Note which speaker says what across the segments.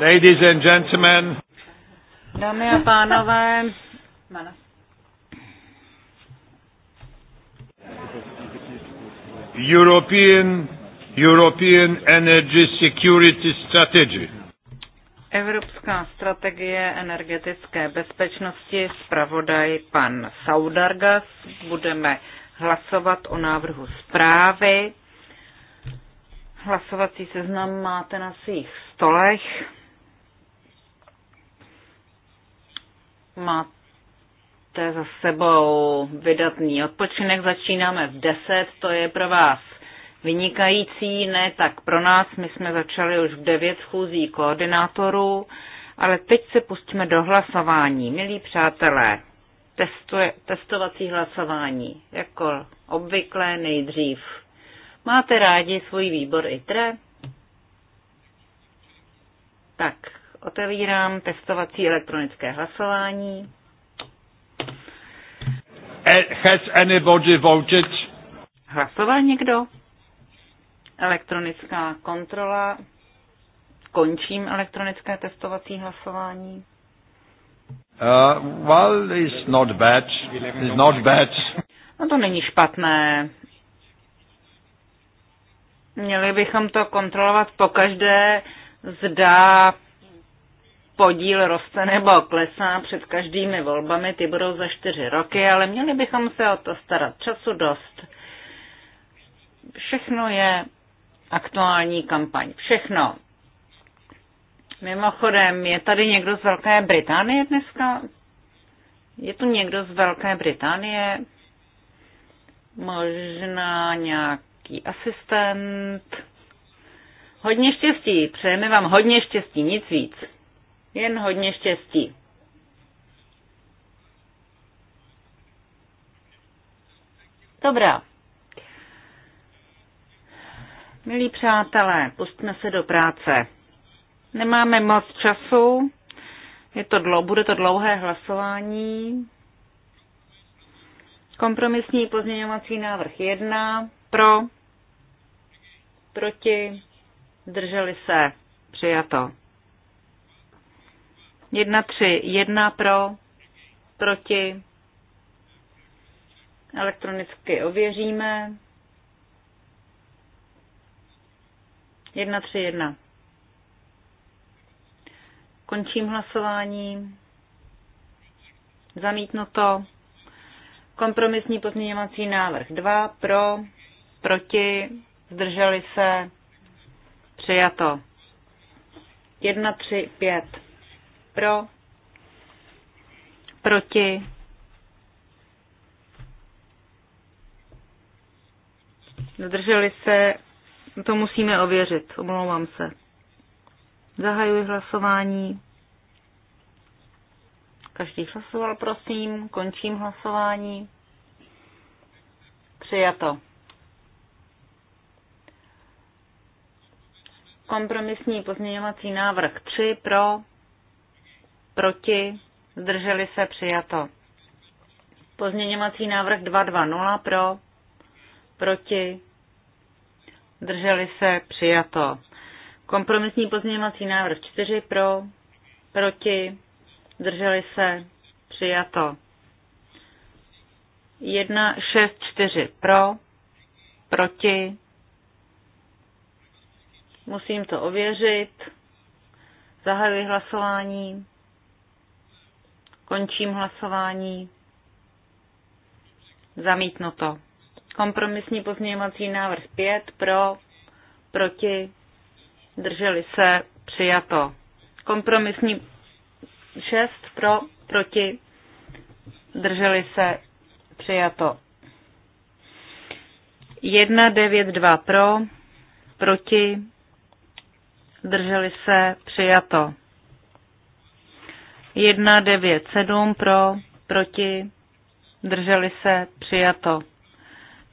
Speaker 1: Ladies and gentlemen.
Speaker 2: Dámy a pánové.
Speaker 1: European, European Energy Security Strategy.
Speaker 3: Evropská strategie energetické bezpečnosti, zpravodaj pan Saudargas. Budeme hlasovat o návrhu zprávy. Hlasovací seznam máte na svých stolech. Máte za sebou vydatný odpočinek, začínáme v 10, to je pro vás vynikající, ne tak pro nás, my jsme začali už v 9 schůzí koordinátorů, ale teď se pustíme do hlasování. Milí přátelé, testuje, testovací hlasování, jako obvykle nejdřív. Máte rádi svůj výbor ITRE? Tak, Otevírám testovací elektronické hlasování.
Speaker 1: E, has anybody voted? Hlasoval někdo?
Speaker 3: Elektronická kontrola. Končím elektronické testovací hlasování.
Speaker 1: Uh, well, it's not bad. It's not bad.
Speaker 3: No to není špatné. Měli bychom to kontrolovat po každé, zda podíl roste nebo klesá před každými volbami, ty budou za čtyři roky, ale měli bychom se o to starat času dost. Všechno je aktuální kampaň. Všechno. Mimochodem, je tady někdo z Velké Británie dneska? Je tu někdo z Velké Británie? Možná nějaký asistent? Hodně štěstí, přejeme vám hodně štěstí, nic víc. Jen hodně štěstí. Dobrá. Milí přátelé, pustme se do práce. Nemáme moc času, je to dlo, bude to dlouhé hlasování. Kompromisní pozměňovací návrh 1. Pro. Proti. Drželi se. Přijato. Jedna, tři, jedna pro, proti. Elektronicky ověříme. Jedna, tři, jedna. Končím hlasování. Zamítnuto. Kompromisní pozměňovací návrh 2 pro, proti, zdrželi se, přijato. 1, 3, 5 pro, proti, zdrželi se, to musíme ověřit, omlouvám se. Zahajuji hlasování. Každý hlasoval, prosím. Končím hlasování. Přijato. Kompromisní pozměňovací návrh 3 pro, proti, zdrželi se, přijato. Pozměňovací návrh 220 pro, proti, zdrželi se, přijato. Kompromisní pozměňovací návrh 4 pro, proti, zdrželi se, přijato. 164 pro, proti. Musím to ověřit. Zahajuji hlasování. Končím hlasování. Zamítnuto. Kompromisní pozměňovací návrh 5 pro, proti, drželi se, přijato. Kompromisní 6 pro, proti, drželi se, přijato. 1, 9, 2 pro, proti, drželi se, přijato. 197 pro, proti, drželi se, přijato.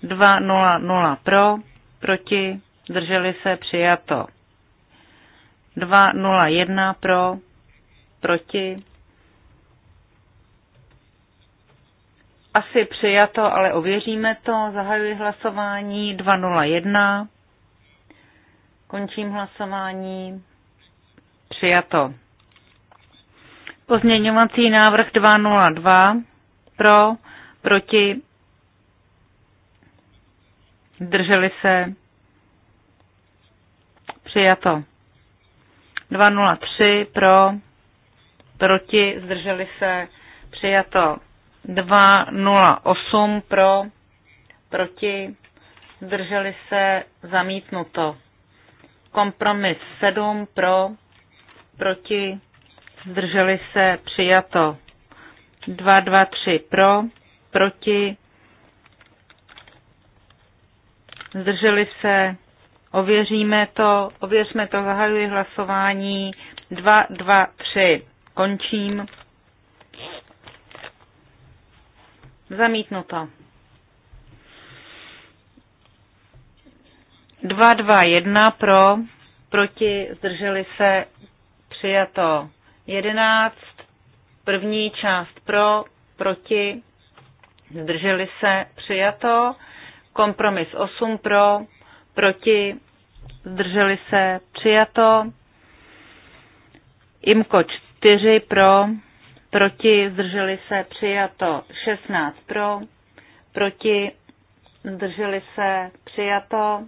Speaker 3: 200 pro, proti, drželi se, přijato. 201 pro, proti. Asi přijato, ale ověříme to. Zahajuji hlasování 201. Končím hlasování. Přijato. Pozměňovací návrh 202 pro, proti, drželi se, přijato. 203 pro, proti, zdrželi se, přijato. 208 pro, proti, zdrželi se, zamítnuto. Kompromis 7 pro, proti, zdrželi se, přijato. 2, 2, 3 pro, proti, zdrželi se, ověříme to, ověřme to, zahajuji hlasování, 2, 2, 3, končím. Zamítnuto. 2, 2, 1 pro, proti, zdrželi se, přijato. 11, první část pro, proti, zdrželi se, přijato. Kompromis 8 pro, proti, zdrželi se, přijato. IMKO 4 pro, proti, zdrželi se, přijato. 16 pro, proti, zdrželi se, přijato.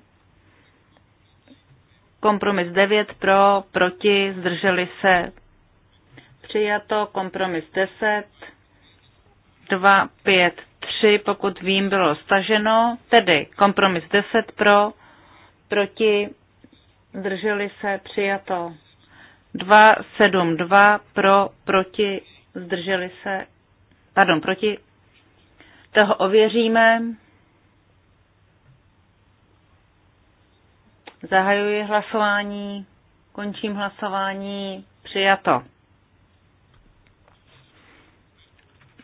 Speaker 3: Kompromis 9 pro, proti, zdrželi se, Přijato kompromis 10, 2, 5, 3, pokud vím, bylo staženo, tedy kompromis 10 pro, proti, zdrželi se, přijato. 2, 7, 2 pro, proti, zdrželi se, pardon, proti, toho ověříme. Zahajuji hlasování, končím hlasování, přijato.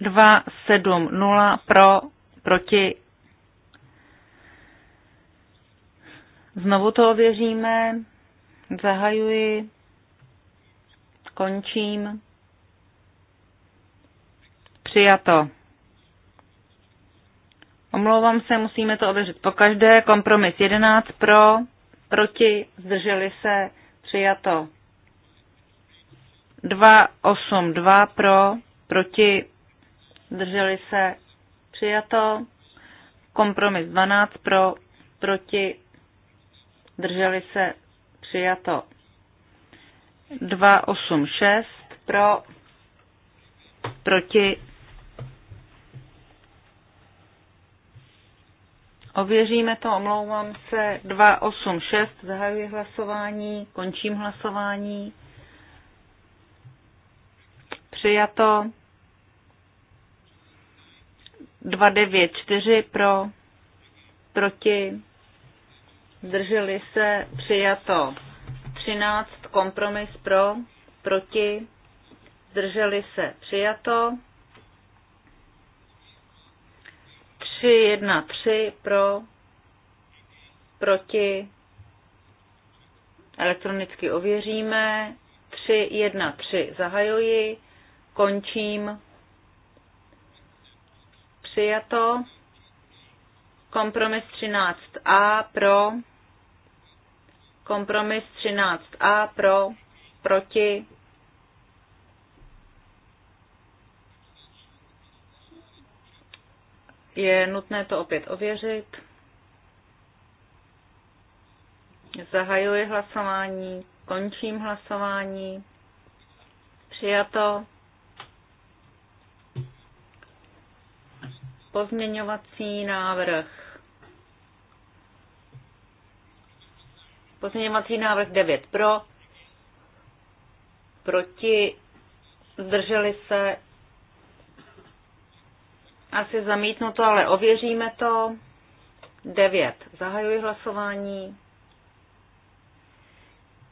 Speaker 3: 270 pro, proti. Znovu to ověříme. Zahajuji. Končím. Přijato. Omlouvám se, musíme to ověřit po každé. Kompromis 11 pro, proti, zdrželi se, přijato. 282 pro, proti, zdrželi se, přijato. Kompromis 12 pro, proti, zdrželi se, přijato. 286 pro, proti. Ověříme to, omlouvám se. 286, zahajuji hlasování, končím hlasování. Přijato. 294 pro, proti, zdrželi se, přijato 13, kompromis pro, proti, zdrželi se, přijato 313 pro, proti, elektronicky ověříme, 313 zahajuji, končím, přijato. Kompromis 13a pro. Kompromis 13a pro. Proti. Je nutné to opět ověřit. Zahajuji hlasování, končím hlasování. Přijato. Pozměňovací návrh. Pozměňovací návrh 9 pro, proti, zdrželi se, asi zamítnuto, ale ověříme to. 9. Zahajuji hlasování.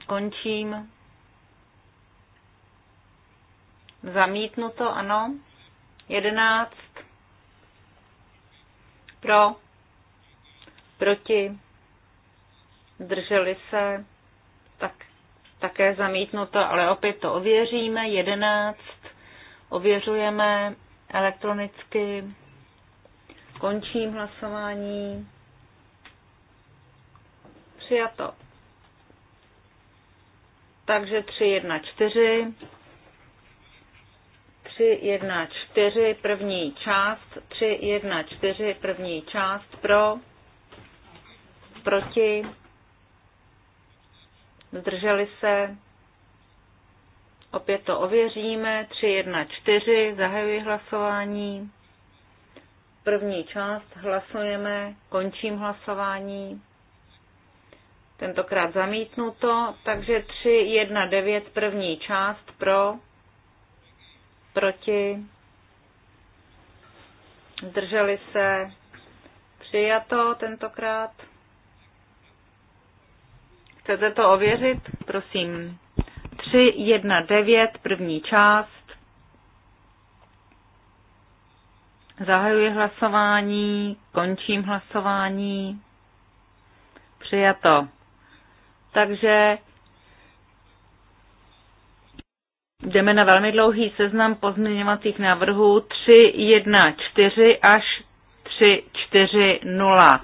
Speaker 3: Končím. Zamítnuto, ano. 11 pro, proti, zdrželi se, tak, také zamítnuto, ale opět to ověříme. 11, ověřujeme elektronicky, končím hlasování. Přijato. Takže tři, jedna, čtyři. 3.1.4 první část, 3.1.4 první část pro, proti, zdrželi se, opět to ověříme, 3.1.4, zahajuji hlasování, první část hlasujeme, končím hlasování, tentokrát zamítnuto, takže 3.1.9 první část pro, proti, zdrželi se, přijato tentokrát. Chcete to ověřit? Prosím. 3, 1, 9, první část. Zahajuji hlasování, končím hlasování. Přijato. Takže Jdeme na velmi dlouhý seznam pozměňovacích návrhů 314 až 340, 319, 339.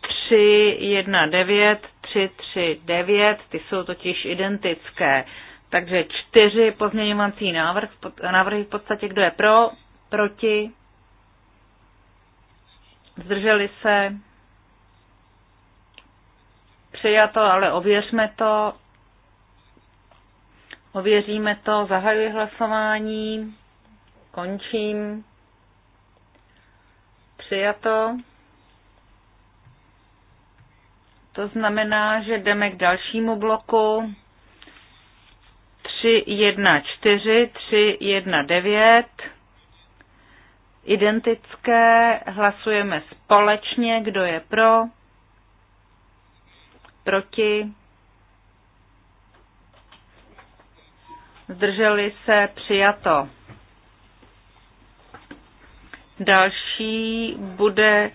Speaker 3: 3, 1, 9, 3, 3, 9, ty jsou totiž identické. Takže čtyři pozměňovací návrh, návrhy v podstatě, kdo je pro, proti, zdrželi se, přijato, ale ověřme to. Ověříme to, zahajuji hlasování, končím. Přijato. To znamená, že jdeme k dalšímu bloku. 1, 9. Identické, hlasujeme společně, kdo je pro, proti zdrželi se, přijato. Další bude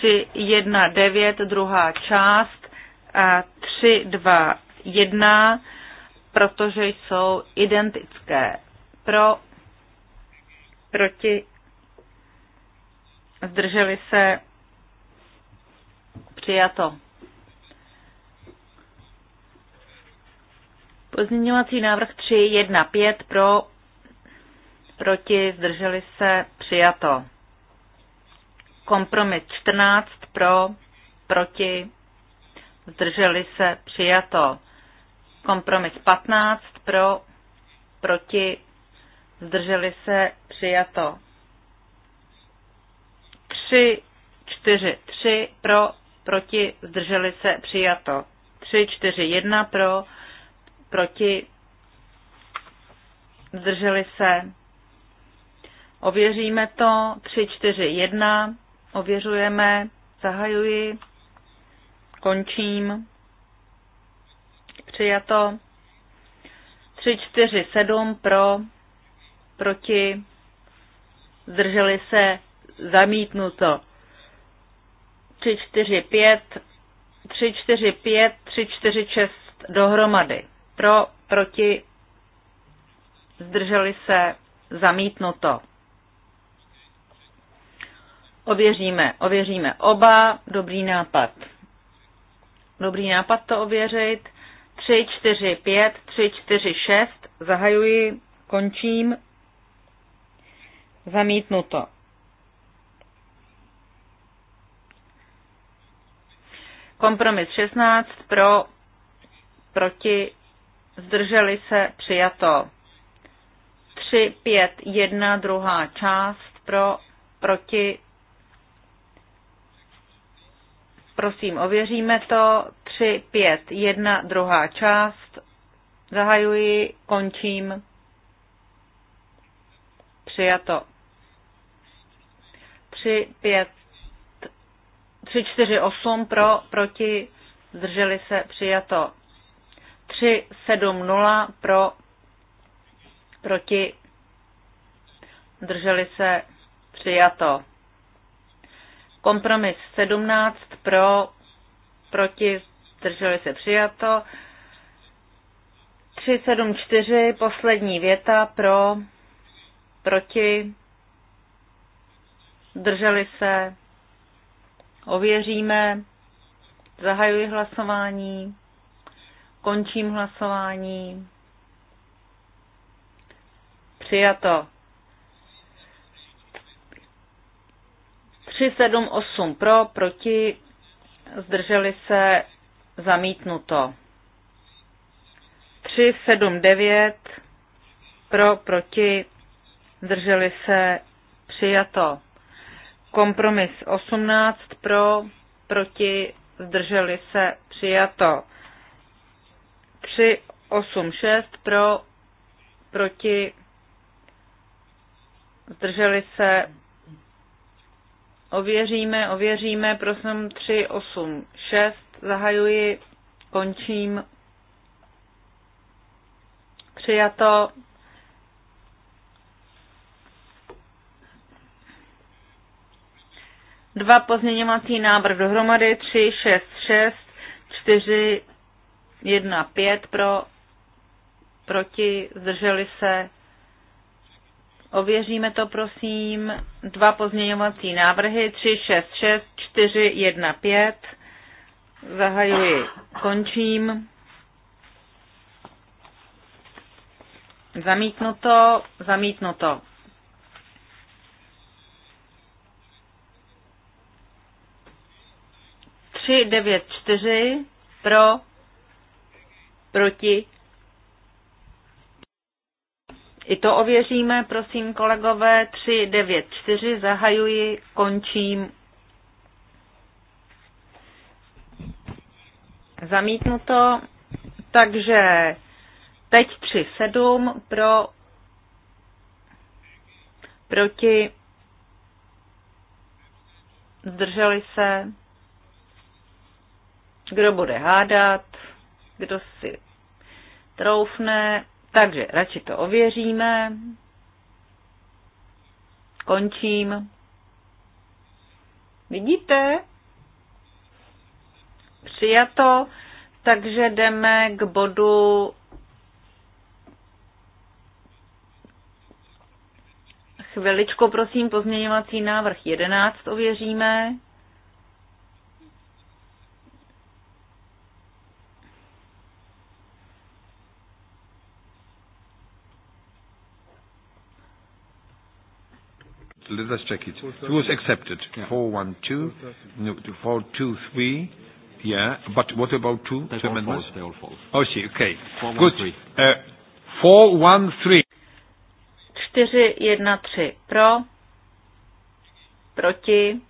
Speaker 3: 319, druhá část a 321, protože jsou identické. Pro, proti, zdrželi se, přijato. Pozměňovací návrh 3, 1, 5 pro, proti, zdrželi se, přijato. Kompromis 14 pro, proti, zdrželi se, přijato. Kompromis 15 pro, proti, zdrželi se, přijato. 3, 4, 3 pro, proti, zdrželi se, přijato. 3, 4, 1 pro, proti, zdrželi se. Ověříme to, 3, 4, 1, ověřujeme, zahajuji, končím, přijato, 3, 4, 7 pro, proti, zdrželi se, zamítnuto. 3, 4, 5, 3, 4, 5, 3, 4, 6 dohromady. Pro, proti, zdrželi se, zamítnuto. Ověříme, ověříme oba, dobrý nápad. Dobrý nápad to ověřit. 3, 4, 5, 3, 4, 6, zahajuji, končím, zamítnuto. Kompromis 16 pro, proti, zdrželi se, přijato. 3, 5, 1, druhá část, pro, proti, prosím, ověříme to, 3, 5, 1, druhá část, zahajuji, končím, přijato. 3, 5, 3, 4, 8 pro, proti, zdrželi se, přijato. 3-7-0 pro, proti, drželi se, přijato. Kompromis 17 pro, proti, drželi se, přijato. 374, poslední věta pro, proti, drželi se, ověříme, zahajuji hlasování. Končím hlasování. Přijato. 378 pro, proti, zdrželi se, zamítnuto. 379 pro, proti, zdrželi se, přijato. Kompromis 18 pro, proti, zdrželi se, přijato. 3, 8, 6 pro, proti, zdrželi se, ověříme, ověříme, prosím 3, 8, 6, zahajuji, končím, přijato, Dva pozměňovací návrh dohromady, 3, 6, 6, 4, 1, 5 pro, proti, zdrželi se. Ověříme to, prosím. Dva pozměňovací návrhy, 3, 6, 6, 4, 1, 5. Zahajuji, končím. Zamítnuto, zamítnuto. Tři, devět, čtyři, pro, proti. I to ověříme, prosím kolegové, 3, 9, 4, zahajuji, končím. Zamítnuto, takže teď 3, 7 pro, proti, zdrželi se, kdo bude hádat, kdo si troufne. Takže radši to ověříme. Končím. Vidíte? Přijato. Takže jdeme k bodu Chviličku, prosím, pozměňovací návrh 11 ověříme.
Speaker 1: Let us check it. It was accepted. Yeah. 412, no, 423. Yeah, but what about two they All false, they all false. Oh, see, okay. Four, Good. One, three. uh, four, one, three.
Speaker 3: 413. 413 pro, proti,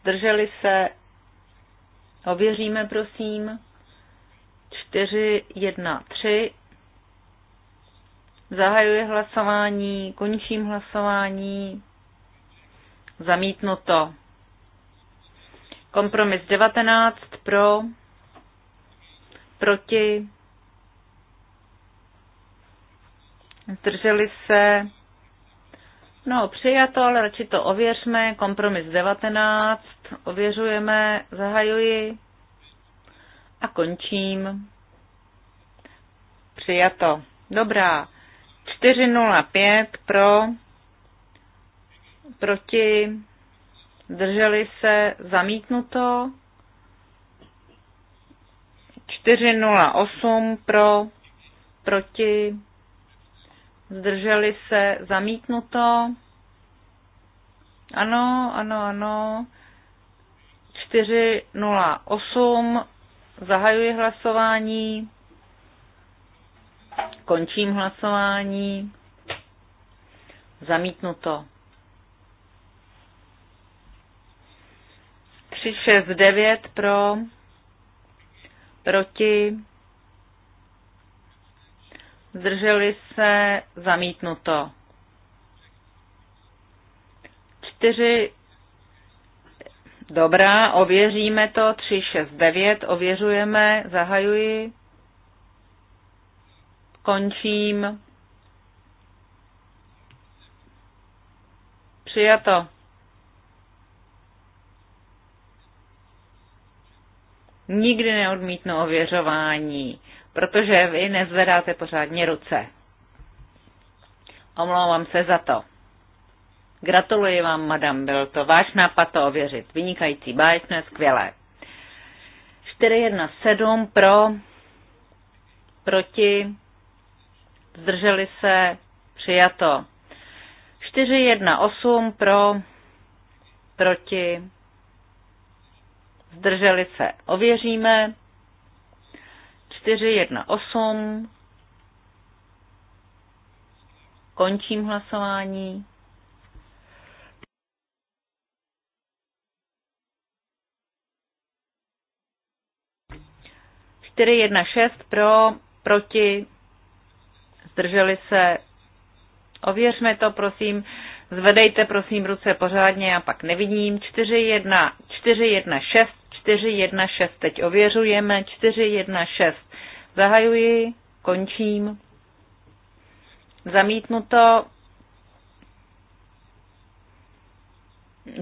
Speaker 3: zdrželi se, ověříme prosím, 413 Zahajuji hlasování, končím hlasování. Zamítnuto. Kompromis 19 pro, proti, zdrželi se. No, přijato, ale radši to ověřme. Kompromis 19, ověřujeme, zahajuji a končím. Přijato. Dobrá. 405 pro, proti, zdrželi se, zamítnuto. 408 pro, proti, zdrželi se, zamítnuto. Ano, ano, ano. 408, zahajuji hlasování. Končím hlasování. Zamítnuto. 9 pro, proti, zdrželi se, zamítnuto. 4, dobrá, ověříme to, 9. ověřujeme, zahajuji. Končím. Přijato. Nikdy neodmítnu ověřování, protože vy nezvedáte pořádně ruce. Omlouvám se za to. Gratuluji vám, madam, byl to váš nápad to ověřit. Vynikající, báječné, skvělé. 417 pro, proti, zdrželi se, přijato. 8 pro, proti, zdrželi se, ověříme. 8, končím hlasování. Čtyři jedna šest pro, proti, zdrželi se. Ověřme to, prosím. Zvedejte, prosím, ruce pořádně, já pak nevidím. 4, 1, 4, 1, 6, 4, 1, 6. Teď ověřujeme. 4, 1, 6. Zahajuji, končím. Zamítnu to.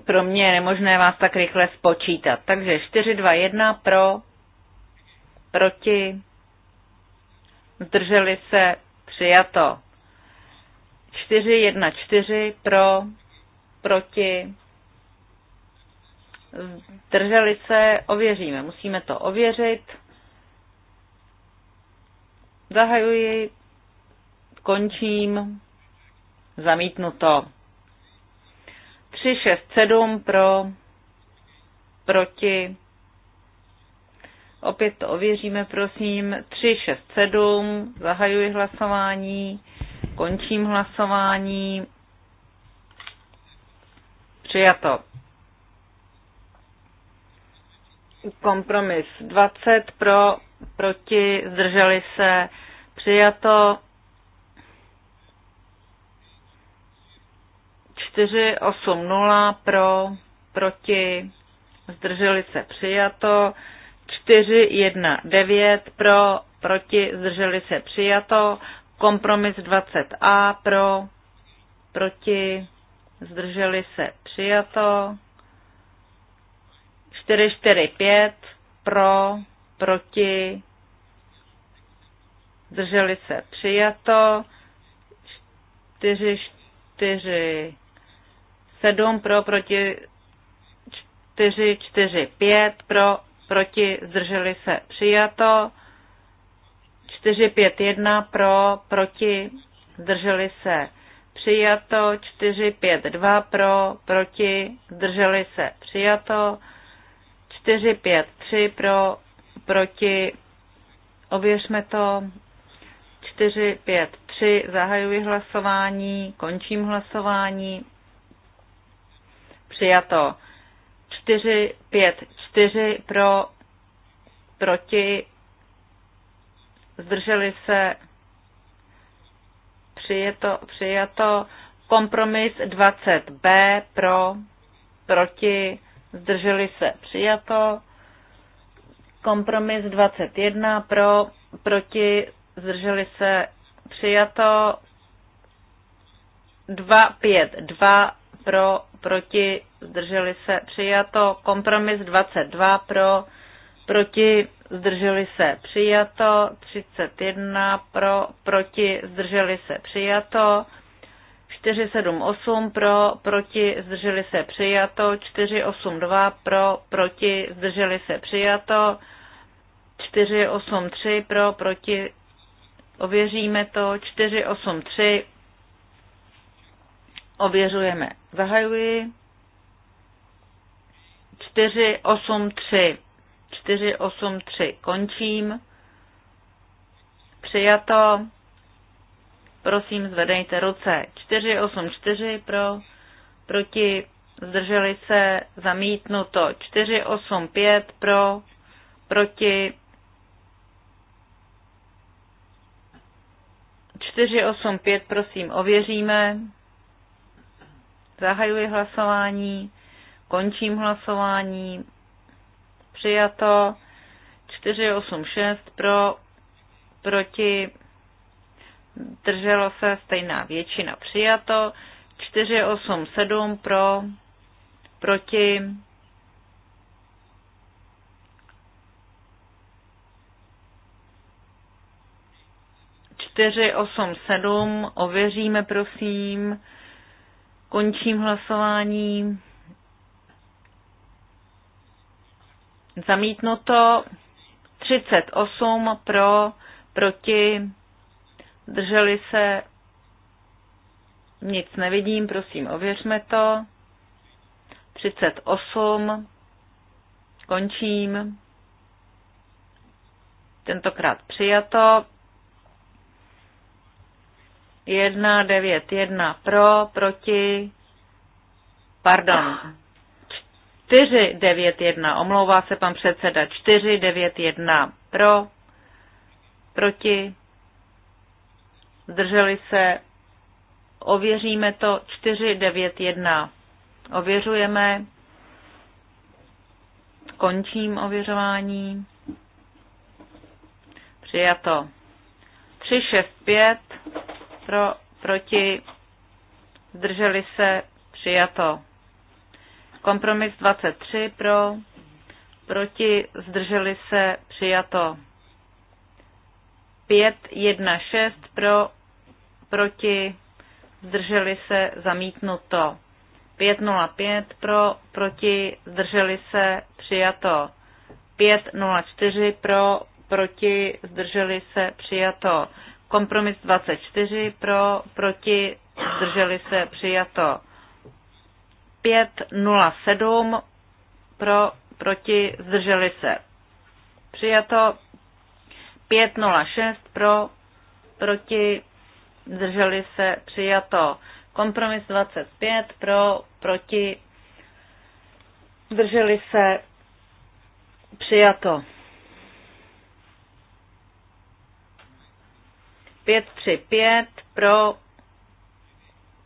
Speaker 3: Pro mě je nemožné vás tak rychle spočítat. Takže 4, 2, 1 pro, proti, zdrželi se, přijato. 4-1-4 pro, proti, zdrželi se, ověříme. Musíme to ověřit. Zahajuji, končím, zamítnuto. 3-6-7 pro, proti, Opět to ověříme, prosím. 3, 6, 7. Zahajuji hlasování. Končím hlasování. Přijato. Kompromis 20 pro, proti, zdrželi se. Přijato. 4, 8, 0 pro, proti, zdrželi se. Přijato. 9 pro, proti, zdrželi se přijato, kompromis 20a pro, proti, zdrželi se přijato, 5 pro, proti, zdrželi se přijato, 7 pro, proti, 5 pro, proti, zdrželi se, přijato. 1, pro, proti, zdrželi se, přijato. 2, pro, proti, zdrželi se, přijato. 3, pro, proti, ověřme to. 3, zahajuji hlasování, končím hlasování. Přijato. 4, 5, 4 pro, proti, zdrželi se, přijeto, přijato, kompromis 20b pro, proti, zdrželi se, přijato, kompromis 21 pro, proti, zdrželi se, přijato, 2 pro, proti, zdrželi se přijato, kompromis 22 pro, proti, zdrželi se přijato, 31 pro, proti, zdrželi se přijato, 478 pro, proti, zdrželi se přijato, 482 pro, proti, zdrželi se přijato, 483 pro, proti, ověříme to, 483 ověřujeme. Zahajuji. 483. 483 končím. Přijato. Prosím, zvedejte ruce. 484 pro, proti, zdrželi se, zamítnuto. 485 pro, proti, 485 prosím ověříme. Zahajuji hlasování. Končím hlasování. Přijato. 486 pro, proti, drželo se stejná většina přijato. 487 pro, proti, čtyři, osm, sedm, ověříme prosím, končím hlasování. Zamítnuto 38 pro, proti, drželi se, nic nevidím, prosím, ověřme to. 38, končím. Tentokrát přijato. 1, 9, 1 pro, proti, pardon, 491. Omlouvá se pan předseda 491. Pro, proti, zdrželi se, ověříme to 491. Ověřujeme, končím ověřování. Přijato. 365 pro, proti, zdrželi se, přijato. Kompromis 23 pro, proti, zdrželi se, přijato. 5, 1, 6 pro, proti, zdrželi se, zamítnuto. 505 pro, proti, zdrželi se, přijato. 504 pro, proti, zdrželi se, přijato. Kompromis 24 pro, proti, zdrželi se, přijato. 507 pro, proti, zdrželi se. Přijato 506 pro, proti, zdrželi se. Přijato kompromis 25 pro, proti, zdrželi se. Přijato 535 pro,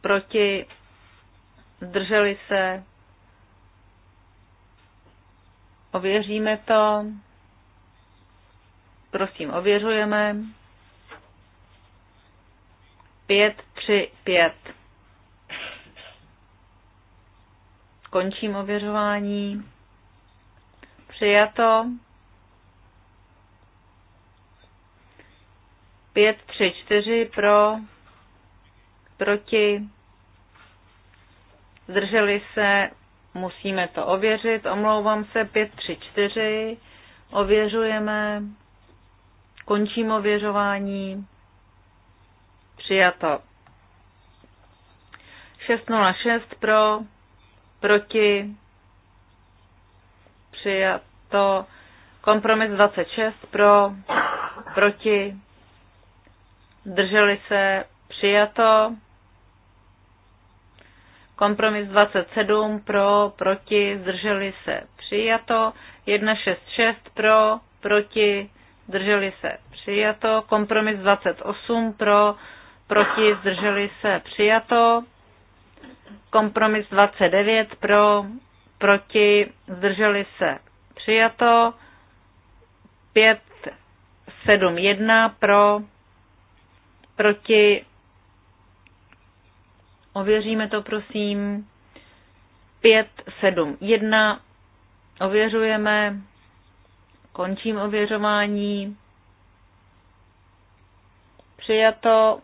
Speaker 3: proti, zdrželi se, ověříme to, prosím, ověřujeme, pět, tři, pět. Končím ověřování. Přijato. pět tři čtyři pro, proti, zdrželi se, musíme to ověřit, omlouvám se, 534, ověřujeme, končím ověřování, přijato. 606 pro, proti, přijato. Kompromis 26 pro, proti, drželi se, přijato. Kompromis 27 pro, proti, zdrželi se, přijato. 166 pro, proti, zdrželi se, přijato. Kompromis 28 pro, proti, zdrželi se, přijato. Kompromis 29 pro, proti, zdrželi se, přijato. 5, 7, 1 pro, proti, Ověříme to, prosím. 5, 7, 1. Ověřujeme. Končím ověřování. Přijato.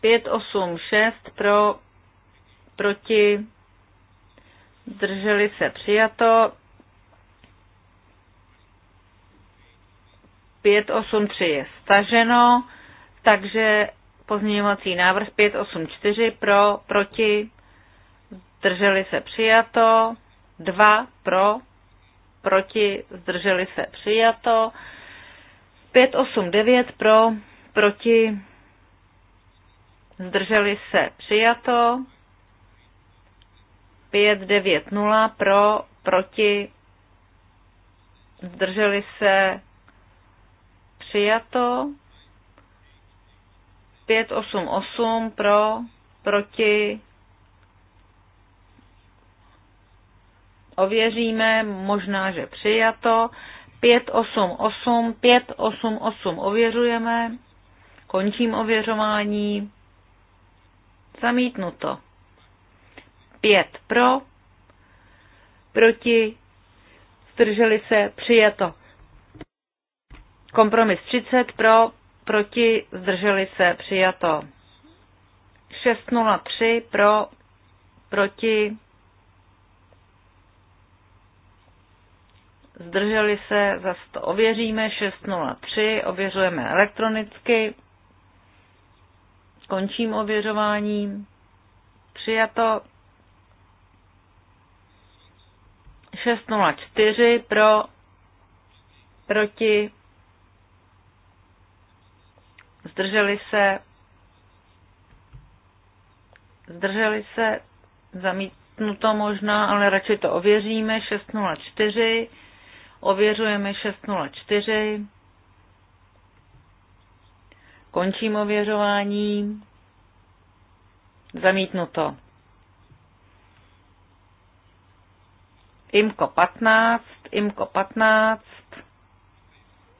Speaker 3: 5, 8, 6 pro, proti, zdrželi se přijato. 5, 8, 3 je staženo. Takže pozměňovací návrh 584 pro, proti, zdrželi se přijato, 2 pro, proti, zdrželi se přijato, 589 pro, proti, zdrželi se přijato, 590 pro, proti, zdrželi se přijato, 588 pro, proti. Ověříme, možná, že přijato. 588, 588 ověřujeme. Končím ověřování. Zamítnuto. 5 pro, proti, zdrželi se, přijato. Kompromis 30 pro, proti, zdrželi se, přijato. 603 pro, proti, zdrželi se, zase to ověříme, 603, ověřujeme elektronicky, končím ověřování, přijato, 604 pro, proti, zdrželi se, zdrželi se, zamítnuto možná, ale radši to ověříme, 604, ověřujeme 604, končím ověřování, zamítnuto. IMKO 15, IMKO 15,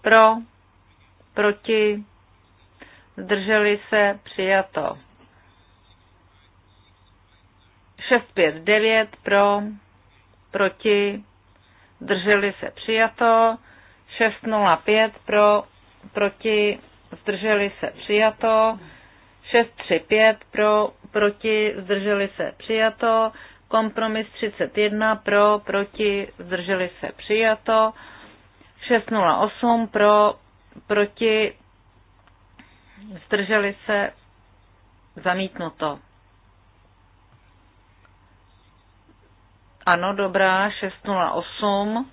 Speaker 3: pro, proti, zdrželi se, přijato. 659 pro, proti, zdrželi se, přijato. 605 pro, proti, zdrželi se, přijato. 635 pro, proti, zdrželi se, přijato. Kompromis 31 pro, proti, zdrželi se, přijato. 608 pro, proti, zdrželi se, zamítnuto. Ano, dobrá, 608,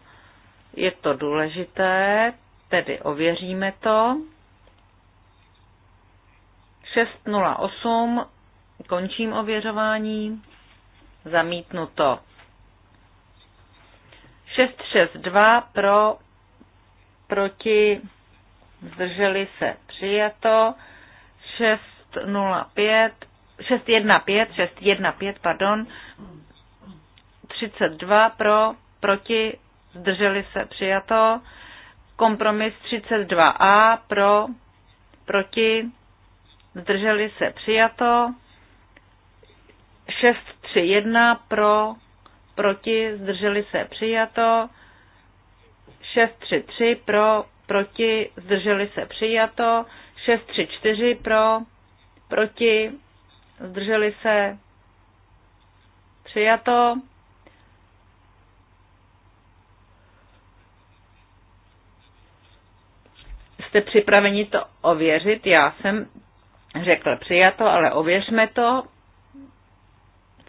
Speaker 3: je to důležité, tedy ověříme to. 608, končím ověřování, zamítnuto. 662 pro, proti zdrželi se přijato, 605, 615, 615, pardon, 32 pro, proti, zdrželi se přijato, kompromis 32a pro, proti, zdrželi se přijato, 631 pro, proti, zdrželi se přijato, 633 pro, proti, zdrželi se přijato, 634 pro, proti, zdrželi se přijato, Jste připraveni to ověřit? Já jsem řekl přijato, ale ověřme to.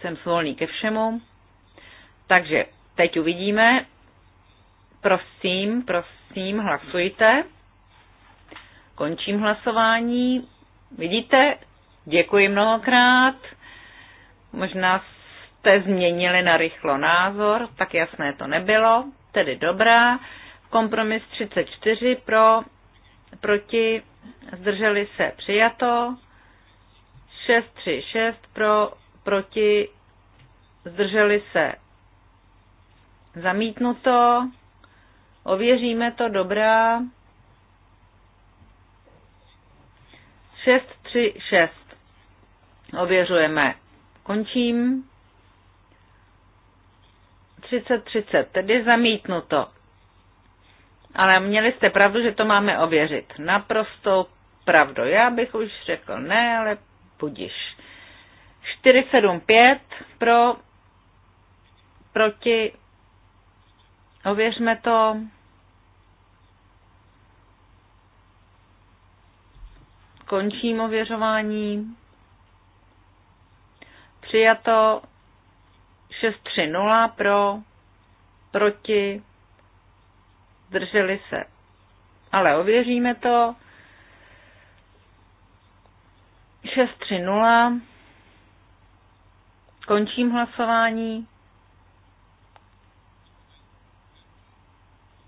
Speaker 3: Jsem svolný ke všemu. Takže teď uvidíme. Prosím, prosím. Prosím, hlasujte. Končím hlasování. Vidíte? Děkuji mnohokrát. Možná jste změnili na rychlo názor, tak jasné to nebylo, tedy dobrá. Kompromis 34 pro, proti, zdrželi se přijato. 636 pro, proti, zdrželi se zamítnuto. Ověříme to, dobrá. 6, 3, 6. Ověřujeme. Končím. 30, 30, tedy zamítnuto. Ale měli jste pravdu, že to máme ověřit. Naprosto pravdu. Já bych už řekl ne, ale budiš. 475 pro, proti, Ověřme to. Končím ověřování. Přijato 630 pro, proti, zdrželi se. Ale ověříme to. 630. Končím hlasování.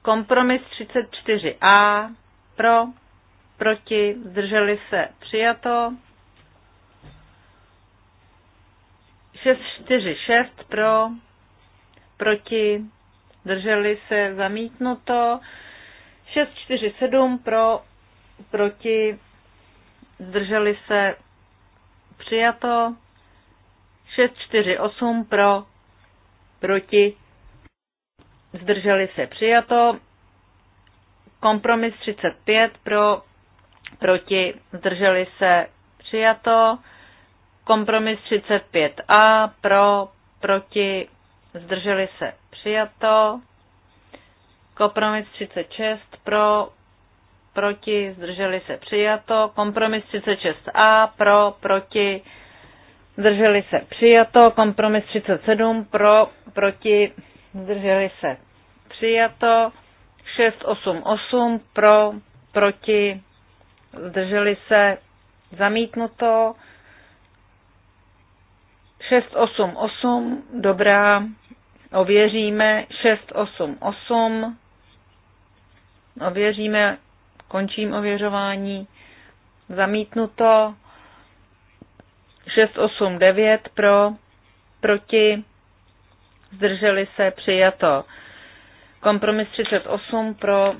Speaker 3: Kompromis 34a pro, proti, zdrželi se, přijato. 646 pro, proti, zdrželi se, zamítnuto. 647 pro, proti, zdrželi se, přijato. 648 pro, proti, zdrželi se přijato, kompromis 35 pro, proti, zdrželi se přijato, kompromis 35a pro, proti, zdrželi se přijato, kompromis 36 pro, proti, zdrželi se přijato, kompromis 36a pro, proti, zdrželi se přijato, kompromis 37 pro, proti, zdrželi se. Přijato 688 pro, proti, zdrželi se, zamítnuto 688, dobrá, ověříme 688, ověříme, končím ověřování, zamítnuto 689 pro, proti, zdrželi se, přijato. Kompromis 38 pro,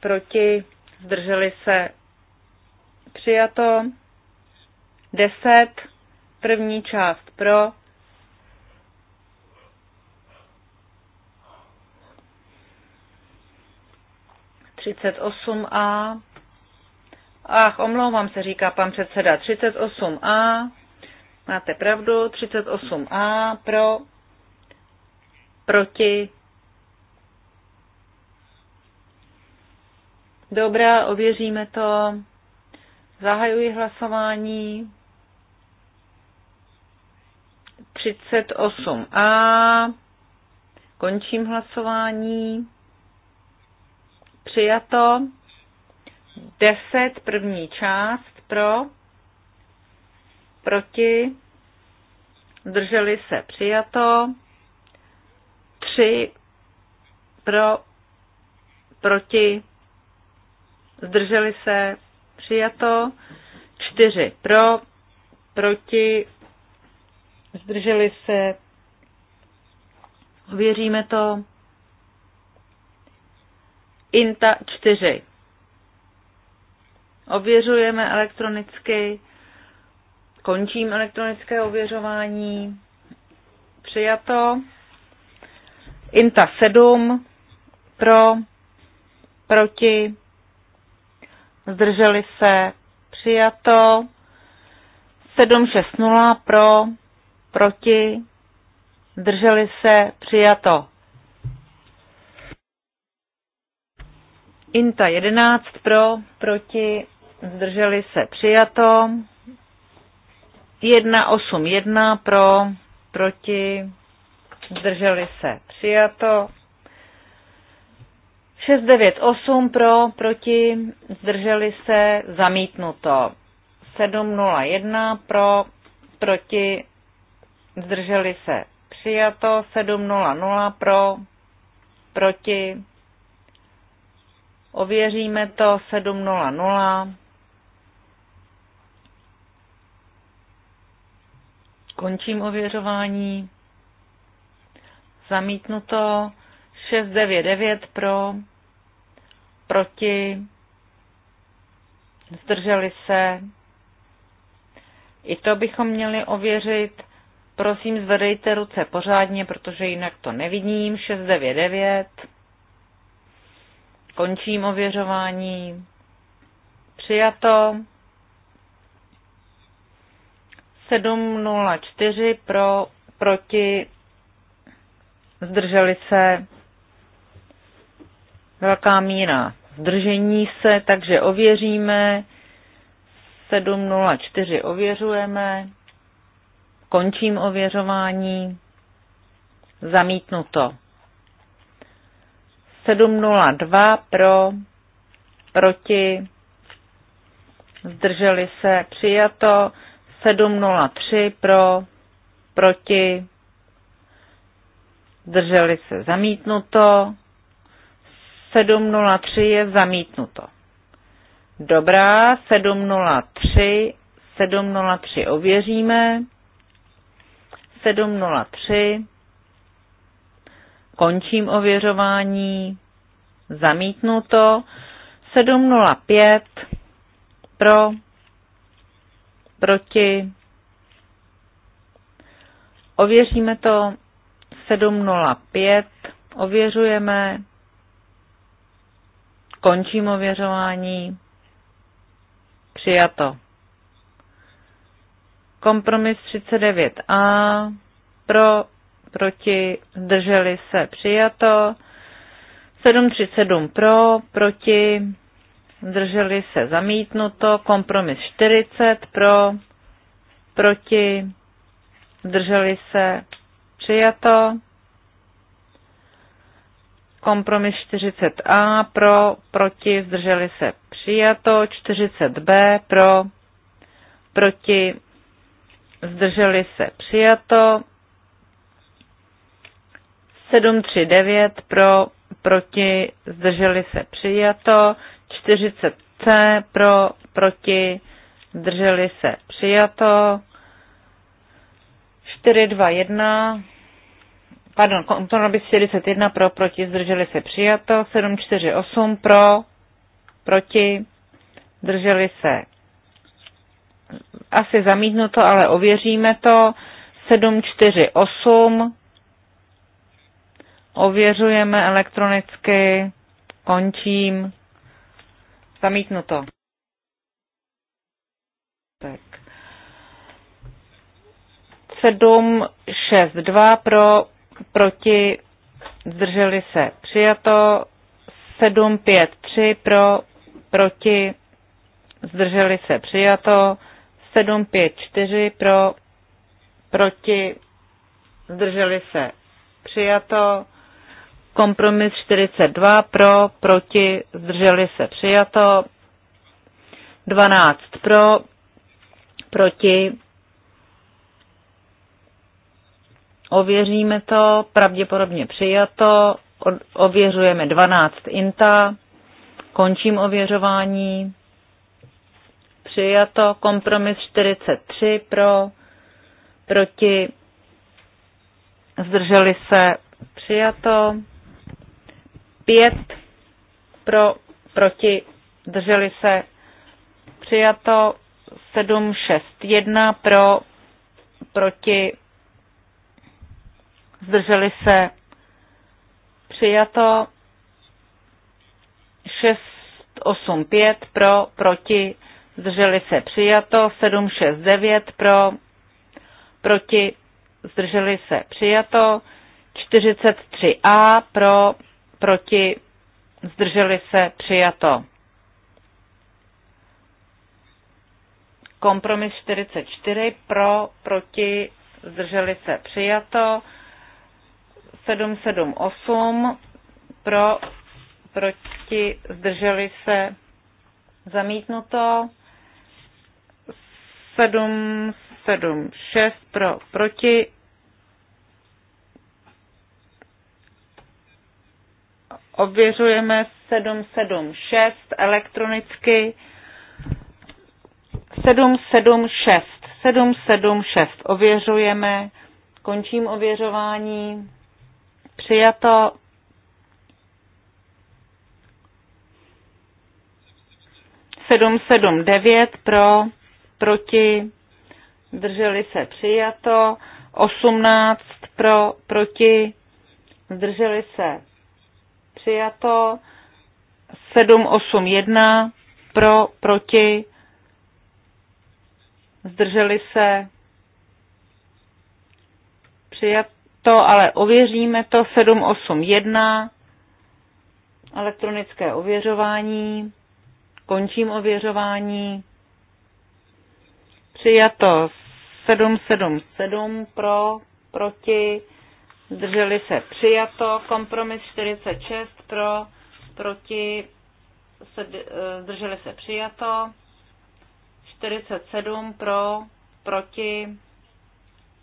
Speaker 3: proti, zdrželi se, přijato. 10, první část pro, Třicet A. Ach, omlouvám se, říká pan předseda. 38A. Máte pravdu, 38A pro, proti. Dobrá, ověříme to. Zahajuji hlasování. 38a. Končím hlasování. Přijato. 10 první část pro. Proti. Drželi se přijato tři pro, proti, zdrželi se, přijato, čtyři pro, proti, zdrželi se, věříme to, INTA 4. Ověřujeme elektronicky, končím elektronické ověřování, přijato. Inta 7 pro, proti, zdrželi se, přijato. 760 pro, proti, zdrželi se, přijato. Inta 11 pro, proti, zdrželi se, přijato. 181 pro, proti, zdrželi se, přijato. 698 pro, proti, zdrželi se, zamítnuto. 701 pro, proti, zdrželi se, přijato. 700 pro, proti, ověříme to, 700. Končím ověřování. Zamítnuto 699 pro, proti, zdrželi se. I to bychom měli ověřit. Prosím, zvedejte ruce pořádně, protože jinak to nevidím. 699. Končím ověřování. Přijato. 704 pro, proti zdrželi se, velká míra zdržení se, takže ověříme, 704 ověřujeme, končím ověřování, zamítnu to 702 pro, proti, zdrželi se, přijato, 703 pro, proti, zdrželi se zamítnuto, 703 je zamítnuto. Dobrá, 703, 703 ověříme, 703, končím ověřování, zamítnuto, 705, pro, proti, ověříme to, 705. Ověřujeme. Končím ověřování. Přijato. Kompromis 39a. Pro, proti, zdrželi se. Přijato. 737 pro, proti, zdrželi se. Zamítnuto. Kompromis 40 pro, proti, zdrželi se přijato. Kompromis 40A pro, proti, zdrželi se přijato. 40B pro, proti, zdrželi se přijato. 739 pro, proti, zdrželi se přijato. 40C pro, proti, zdrželi se přijato. 421 pardon, by 41 pro, proti, zdrželi se přijato, 748 pro, proti, zdrželi se asi zamítnuto, ale ověříme to, 748 ověřujeme elektronicky, končím, zamítnuto. Tak. 762 pro, proti, zdrželi se přijato, 7, 5, 3 pro, proti, zdrželi se přijato, 7, 5, 4 pro, proti, zdrželi se přijato, kompromis 42 pro, proti, zdrželi se přijato, 12 pro, proti, Ověříme to, pravděpodobně přijato, ověřujeme 12 INTA, končím ověřování, přijato, kompromis 43 pro, proti, zdrželi se, přijato, 5 pro, proti, zdrželi se, přijato, 7, 6, 1 pro, proti, zdrželi se přijato 685 pro, proti, zdrželi se přijato 769 pro, proti, zdrželi se přijato 43a pro, proti, zdrželi se přijato. Kompromis 44 pro, proti, zdrželi se přijato. 778 pro, proti, zdrželi se, zamítnuto. 776 pro, proti, ověřujeme 776 elektronicky. 776. 776 ověřujeme. Končím ověřování přijato. Sedm sedm devět pro, proti, zdrželi se přijato. Osmnáct pro, proti, zdrželi se přijato. Sedm osm jedna pro, proti, zdrželi se přijato to, ale ověříme to. 781 elektronické ověřování. Končím ověřování. Přijato 777 pro, proti, zdrželi se přijato, kompromis 46 eh, pro, proti, zdrželi se přijato, 47 pro, proti,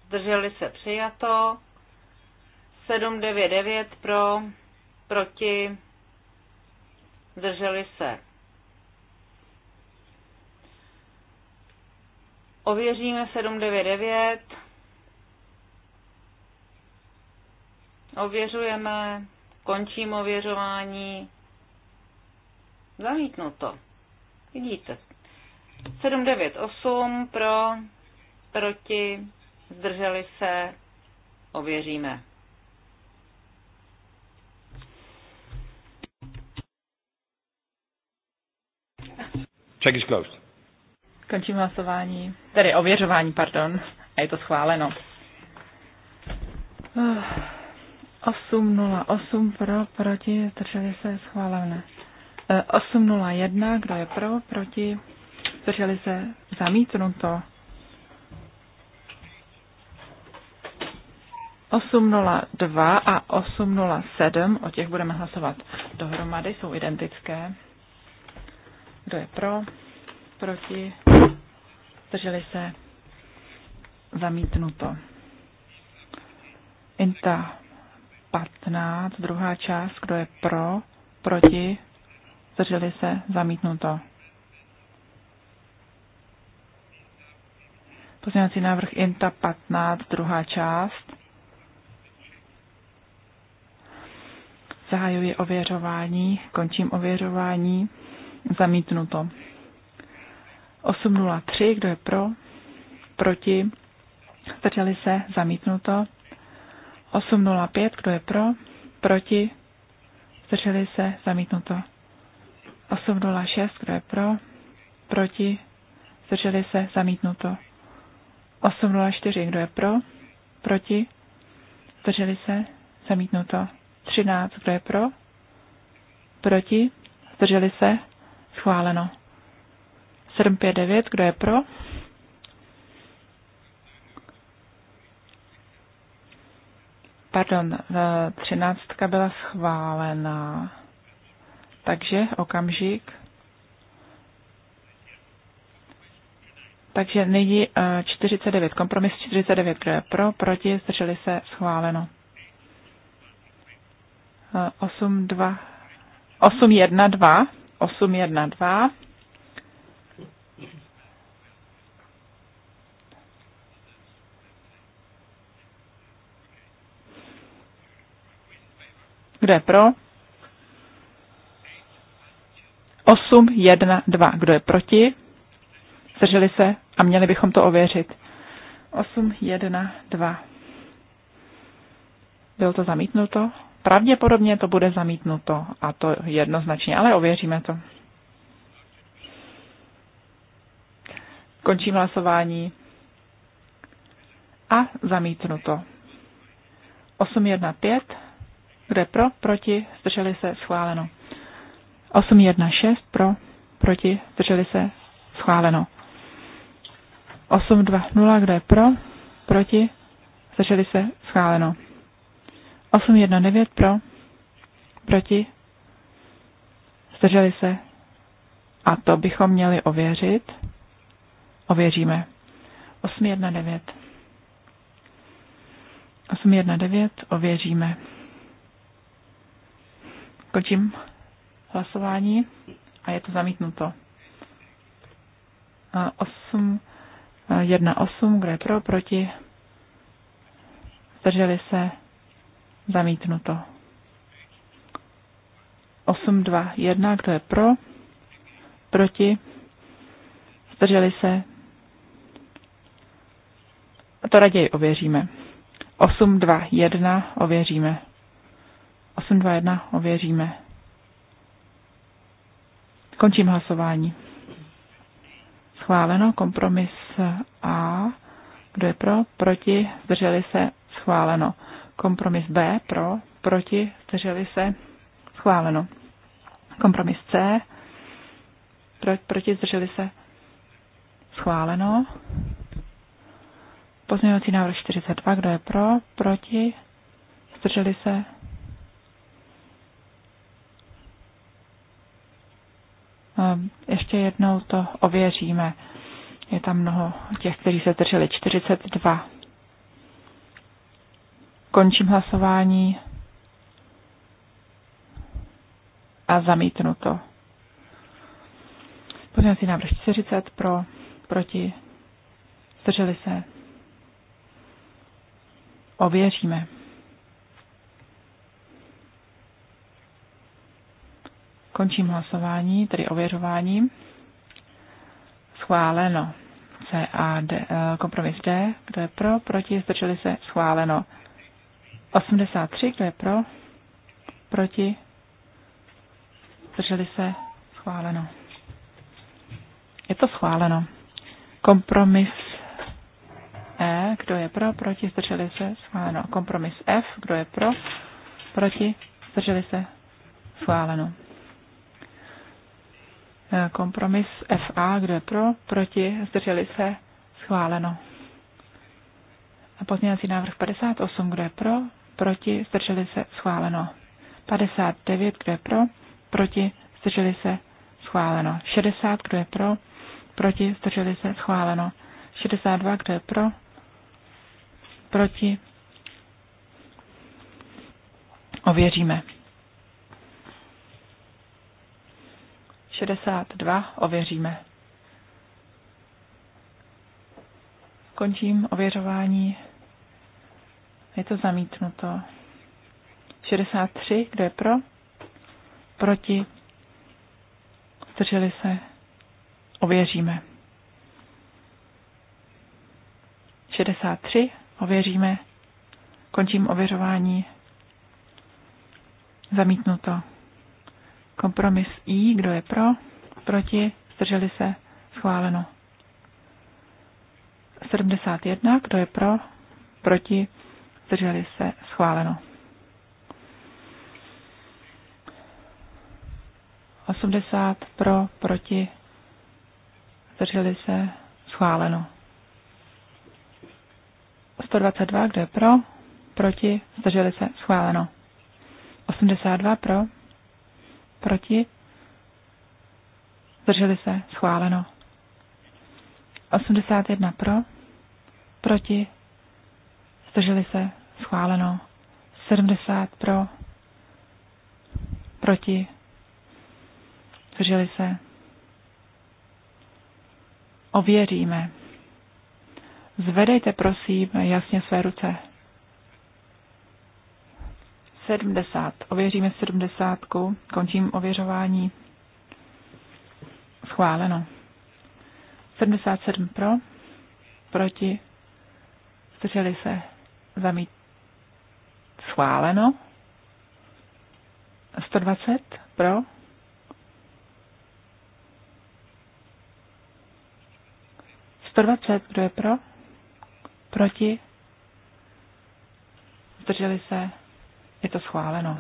Speaker 3: zdrželi se přijato, 799 pro, proti, zdrželi se. Ověříme 799. Ověřujeme, končím ověřování. Zamítnuto. Vidíte. 798 pro, proti, zdrželi se, ověříme.
Speaker 1: Check is closed.
Speaker 2: Končím hlasování, tedy ověřování, pardon, a je to schváleno. 808 eh, pro, proti, drželi se, schválené. 801, eh, kdo je pro, proti, drželi se, zamítnuto. 802 a 807, o těch budeme hlasovat dohromady, jsou identické. Kdo je pro? Proti? Zdrželi se? Zamítnuto. Inta 15, druhá část, kdo je pro, proti, zdrželi se, zamítnuto. Pozměňovací návrh INTA 15, druhá část. Zahajuji ověřování, končím ověřování. Zamítnuto. 803, kdo je pro? Proti? Zdrželi se? Zamítnuto. 805, kdo je pro? Proti? Zdrželi se? Zamítnuto. 806, kdo je pro? Proti? Zdrželi se? Zamítnuto. 804, kdo je pro? Proti? Zdrželi se? Zamítnuto. 13, kdo je pro? Proti? Zdrželi se? Schváleno. 759, kdo je pro? Pardon, e, třináctka byla schválena. Takže okamžik. Takže nyní 49, e, kompromis 49, kdo je pro, proti, zdrželi se, schváleno. 8, 2, 8, 1, 2, 812. Kdo je pro? 8, 1, 2. Kdo je proti? Zdrželi se a měli bychom to ověřit. 8, 1, 2. Bylo to zamítnuto? pravděpodobně to bude zamítnuto a to jednoznačně, ale ověříme to. Končím hlasování a zamítnuto. 815, kde pro, proti, zdrželi se, schváleno. 816, pro, proti, zdrželi se, schváleno. 820, kde pro, proti, zdrželi se, schváleno. 819 pro, proti, zdrželi se. A to bychom měli ověřit. Ověříme. 819. 819 ověříme. Končím hlasování a je to zamítnuto. 8, 1, 8, kdo je pro, proti, zdrželi se, Zamítnuto. 8, 2, 1, kdo je pro, proti, zdrželi se. To raději ověříme. 8, 2, 1, ověříme. 8, 2, 1, ověříme. Končím hlasování. Schváleno kompromis A. Kdo je pro? Proti? Zdrželi se? Schváleno. Kompromis B pro, proti, zdrželi se, schváleno. Kompromis C, pro, proti, zdrželi se, schváleno. Pozměňovací návrh 42, kdo je pro, proti, zdrželi se, ehm, Ještě jednou to ověříme. Je tam mnoho těch, kteří se drželi. 42. Končím hlasování. A zamítnu zamítnuto. Pozměňovací návrh 40 pro, proti, zdrželi se. Ověříme. Končím hlasování, tedy ověřování. Schváleno. C a D, eh, kompromis D. Kdo je pro, proti, zdrželi se, schváleno. 83, kdo je pro? Proti? Zdrželi se? Schváleno. Je to schváleno. Kompromis E, kdo je pro? Proti? Zdrželi se? Schváleno. Kompromis F, kdo je pro? Proti? Zdrželi se? Schváleno. E, kompromis FA, kdo je pro? Proti? Zdrželi se? Schváleno. A pozměňovací návrh 58, kdo je pro? proti, zdrželi se, schváleno. 59, kdo je pro, proti, zdrželi se, schváleno. 60, kdo je pro, proti, zdrželi se, schváleno. 62, kdo je pro, proti, ověříme. 62, ověříme. Končím ověřování. Je to zamítnuto. 63, kdo je pro? Proti? Zdrželi se? Ověříme. 63, ověříme. Končím ověřování. Zamítnuto. Kompromis I, kdo je pro? Proti? Zdrželi se? Schváleno. 71, kdo je pro? Proti? zdrželi se, schváleno. 80 pro, proti, zdrželi se, schváleno. 122, kdo je pro, proti, zdrželi se, schváleno. 82 pro, proti, zdrželi se, schváleno. 81 pro, proti, zdrželi se, schváleno. 70 pro, proti, zdrželi se. Ověříme. Zvedejte prosím jasně své ruce. 70. Ověříme 70. Končím ověřování. Schváleno. 77 pro, proti, zdrželi se, zamít, Schváleno. 120 pro. kdo je pro? Proti? Zdrželi se? Je to schváleno.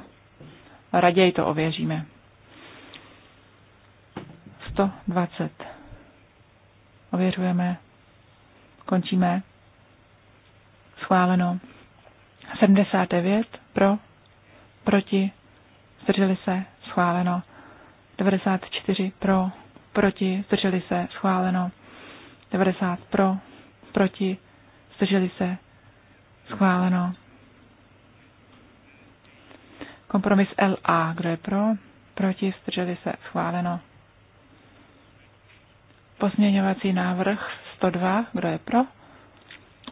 Speaker 2: Raději to ověříme. 120. Ověřujeme. Končíme. Schváleno. 79 pro, proti, zdrželi se, schváleno. 94 pro, proti, zdrželi se, schváleno. 90 pro, proti, zdrželi se, schváleno. Kompromis LA, kdo je pro, proti, zdrželi se, schváleno. Pozměňovací návrh 102, kdo je pro,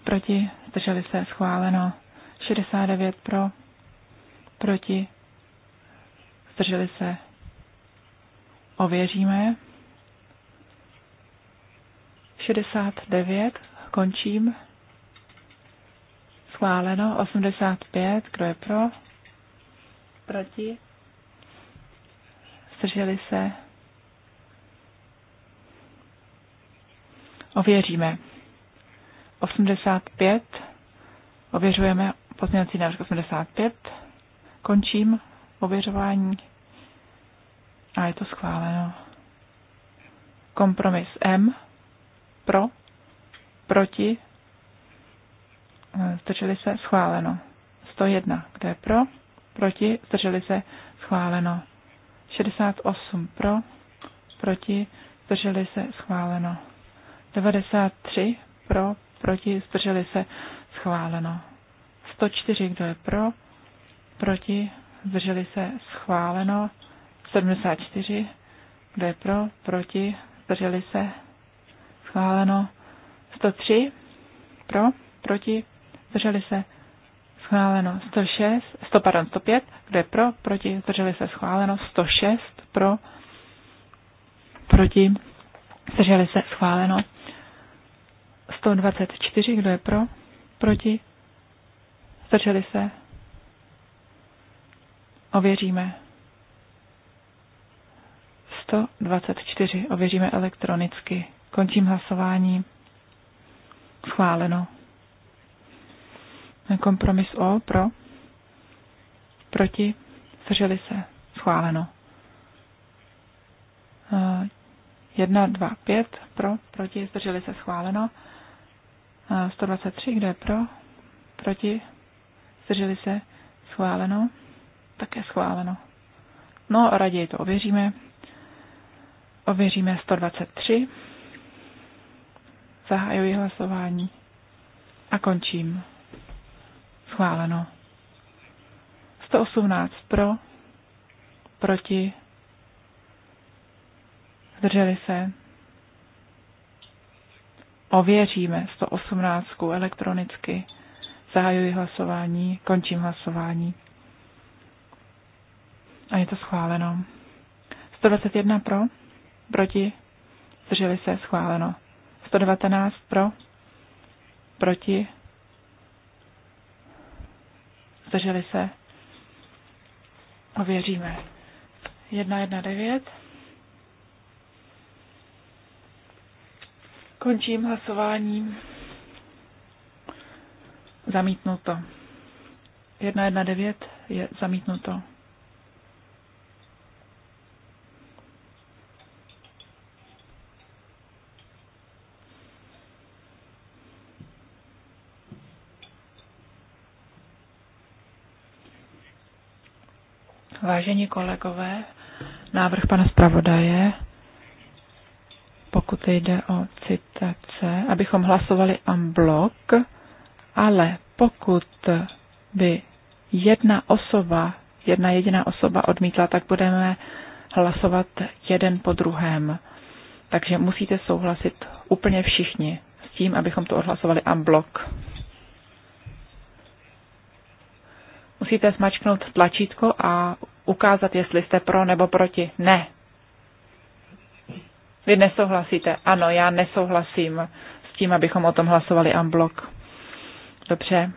Speaker 2: proti, zdrželi se, schváleno. 69 pro, proti, zdrželi se. Ověříme. 69, končím. Schváleno 85, kdo je pro? Proti? Zdrželi se? Ověříme. 85, ověřujeme Pozměňovací návrh 85. Končím ověřování a je to schváleno. Kompromis M. Pro. Proti. E, zdrželi se. Schváleno. 101. kde je pro? Proti. Zdrželi se. Schváleno. 68 pro, proti, zdrželi se, schváleno. 93 pro, proti, zdrželi se, schváleno. 104, kdo je pro, proti, zdrželi se, schváleno. 74, kdo je pro, proti, zdrželi se, schváleno. 103, pro, proti, zdrželi se, schváleno. 106, 100, pardon, 105, kdo je pro, proti, zdrželi se, schváleno. 106, pro, proti, zdrželi se, schváleno. 124, kdo je pro, proti, Zdrželi se? Ověříme. 124. Ověříme elektronicky. Končím hlasování. Schváleno. Kompromis O pro. Proti. Zdrželi se. Schváleno. 1, 2, 5 pro. Proti. Zdrželi se. Schváleno. 123. Eh, Kdo je pro? Proti. Zdrželi se? Schváleno? Také schváleno. No, raději to ověříme. Ověříme 123. Zahajuji hlasování a končím. Schváleno. 118 pro, proti, zdrželi se. Ověříme 118 elektronicky. Zahajuji hlasování, končím hlasování. A je to schváleno. 121 pro, proti, zdrželi se, schváleno. 119 pro, proti, zdrželi se, ověříme. 119. Končím hlasováním. Zamítnuto. 119 je zamítnuto. Vážení kolegové, návrh pana zpravodaje, pokud jde o citace, abychom hlasovali en bloc, ale pokud by jedna osoba, jedna jediná osoba odmítla, tak budeme hlasovat jeden po druhém. Takže musíte souhlasit úplně všichni s tím, abychom to odhlasovali unblock. Musíte smačknout tlačítko a ukázat, jestli jste pro nebo proti. Ne. Vy nesouhlasíte. Ano, já nesouhlasím s tím, abychom o tom hlasovali unblock. Dobře.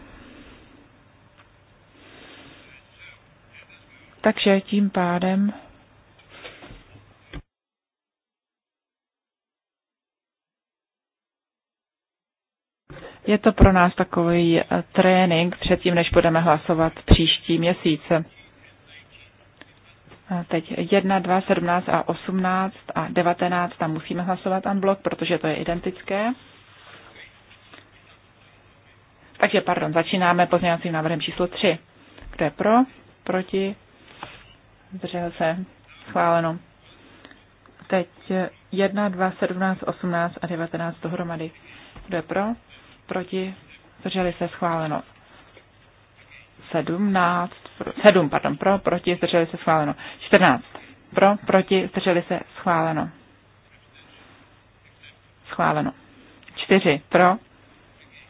Speaker 2: Takže tím pádem je to pro nás takový eh, trénink předtím, než budeme hlasovat příští měsíce. Teď 1, 2, 17 a 18 a 19 tam musíme hlasovat unblock, protože to je identické. Takže, pardon, začínáme pozměňovacím návrhem číslo 3. Kdo je pro? Proti? Zdržel se? Schváleno. Teď 1, 2, 17, 18 a 19 dohromady. Kdo je pro? Proti? Zdrželi se? Schváleno. 17, pro, 7, pardon, pro, proti, zdrželi se schváleno. 14, pro, proti, zdrželi se schváleno. Schváleno. 4, pro,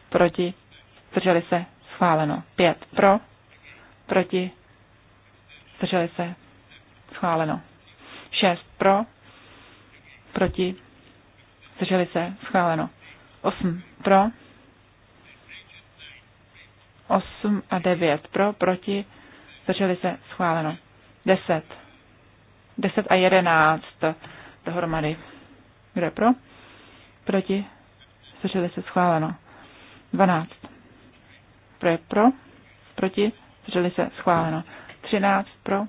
Speaker 2: proti, Zdrželi se. Schváleno. Pět. Pro. Proti. Zdrželi se. Schváleno. Šest. Pro. Proti. Zdrželi se. Schváleno. Osm. Pro. Osm a devět. Pro. Proti. Zdrželi se. Schváleno. Deset. Deset a jedenáct. Dohromady. Kdo je pro? Proti. Zdrželi se. Schváleno. Dvanáct. Kdo je pro? Proti? Zdrželi se? Schváleno. 13 pro?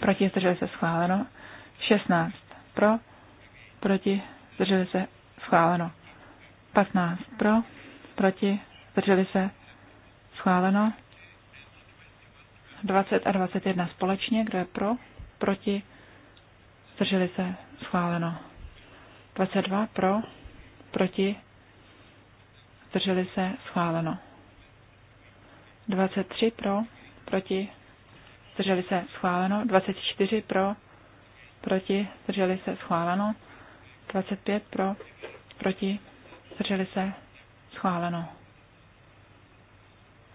Speaker 2: Proti? Zdrželi se? Schváleno. 16 pro? Proti? Zdrželi se? Schváleno. 15 pro? Proti? Zdrželi se? Schváleno. 20 a 21 společně. Kdo je pro? Proti? Zdrželi se? Schváleno. 22 pro? Proti? Zdrželi se? Schváleno. 23 pro, proti, zdrželi se schváleno, 24 pro, proti, zdrželi se schváleno, 25 pro, proti, zdrželi se schváleno.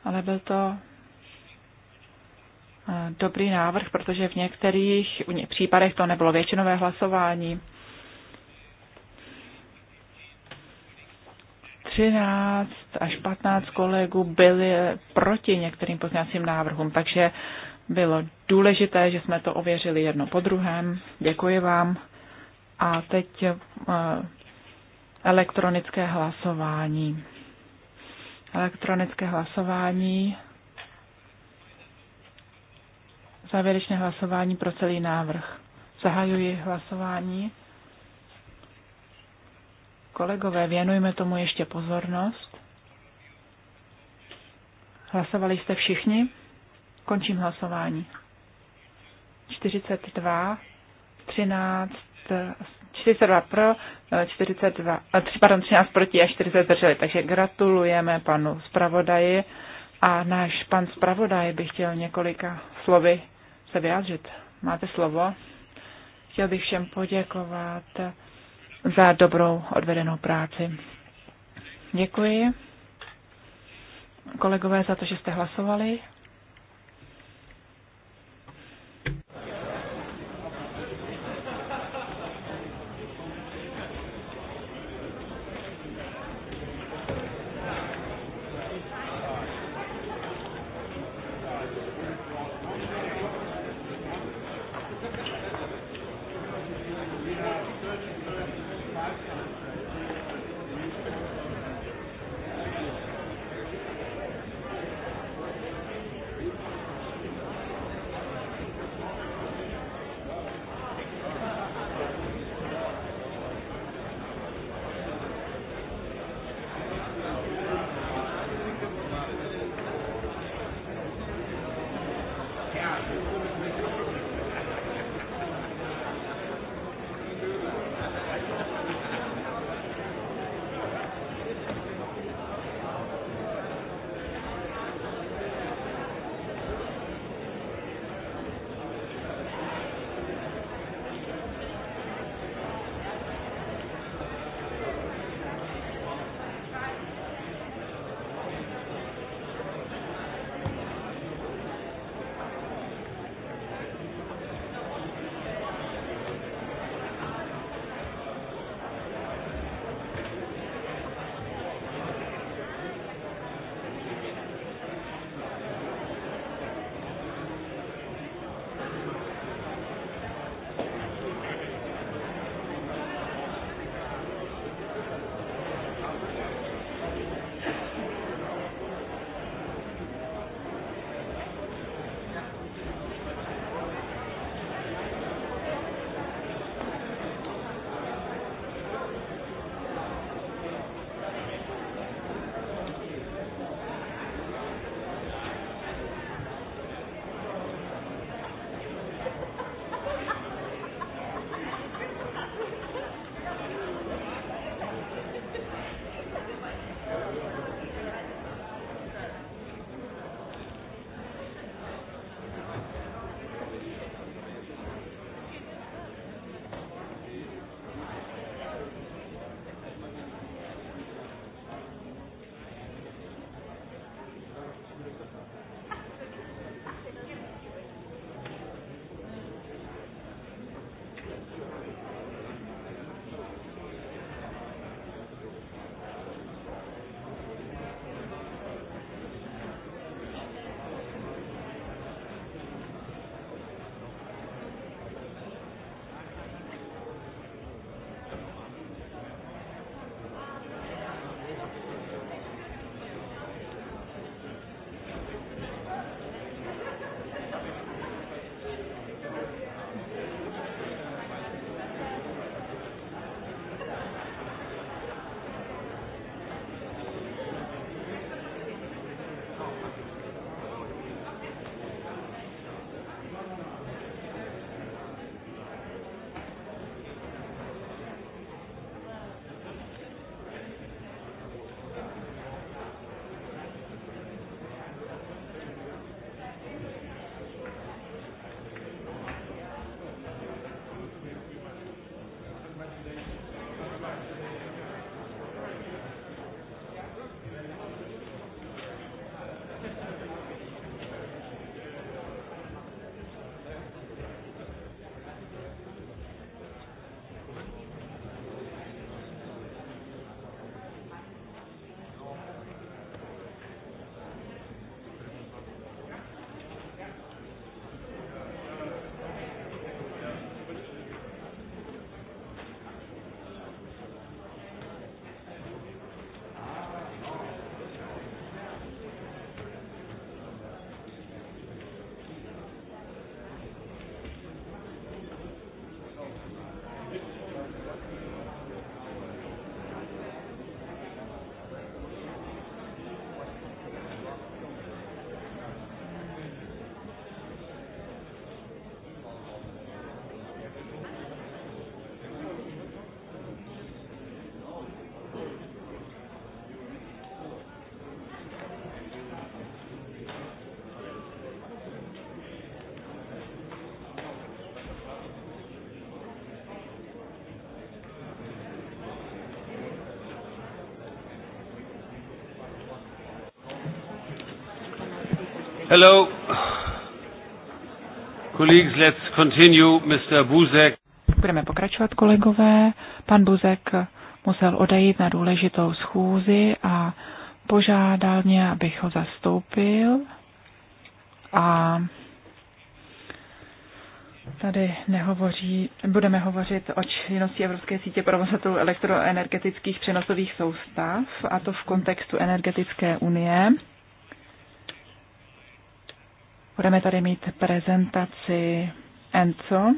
Speaker 2: Ale byl to eh, dobrý návrh, protože v některých v případech to nebylo většinové hlasování. 13 až 15 kolegů byli proti některým pozměňovacím návrhům, takže bylo důležité, že jsme to ověřili jedno po druhém. Děkuji vám. A teď eh, elektronické hlasování. Elektronické hlasování. Závěrečné hlasování pro celý návrh. Zahajuji hlasování. Kolegové, věnujme tomu ještě pozornost. Hlasovali jste všichni? Končím hlasování. 42, 13, 42 pro, 42, eh, pardon, 13 proti a 40 zdrželi. Takže gratulujeme panu zpravodaji a náš pan zpravodaj by chtěl několika slovy se vyjádřit. Máte slovo? Chtěl bych všem poděkovat za dobrou odvedenou práci. Děkuji kolegové za to, že jste hlasovali.
Speaker 1: Hello. Colleagues, let's continue. Mr. Buzek.
Speaker 2: Budeme pokračovat, kolegové. Pan Buzek musel odejít na důležitou schůzi a požádal mě, abych ho zastoupil. A tady nehovoří, budeme hovořit o činnosti Evropské sítě provozatelů elektroenergetických přenosových soustav, a to v kontextu energetické unie. Budeme tady mít prezentaci ENCO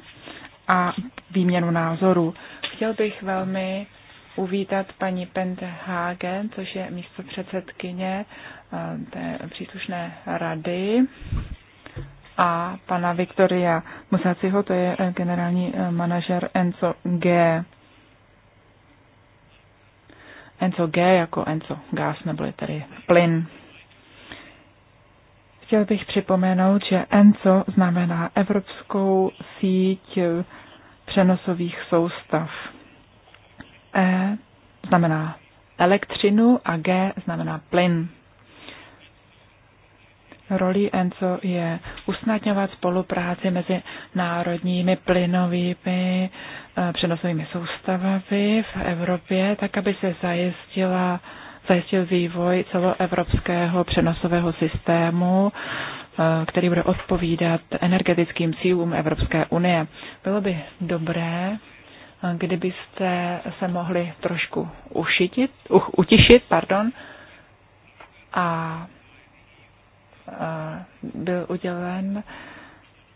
Speaker 2: a výměnu názorů. Chtěl bych velmi uvítat paní Penthagen, což je místo předsedkyně eh, té příslušné rady a pana Viktoria Musaciho, to je eh, generální eh, manažer Enco G. Enco G jako Enco Gas, je tedy plyn. Chtěl bych připomenout, že ENCO znamená Evropskou síť přenosových soustav. E znamená elektřinu a G znamená plyn. Rolí ENCO je usnadňovat spolupráci mezi národními plynovými e, přenosovými soustavami v Evropě, tak aby se zajistila zajistil vývoj celoevropského přenosového systému, eh, který bude odpovídat energetickým cílům Evropské unie. Bylo by dobré, eh, kdybyste se mohli trošku ušitit, uh, utišit pardon, a eh, byl udělen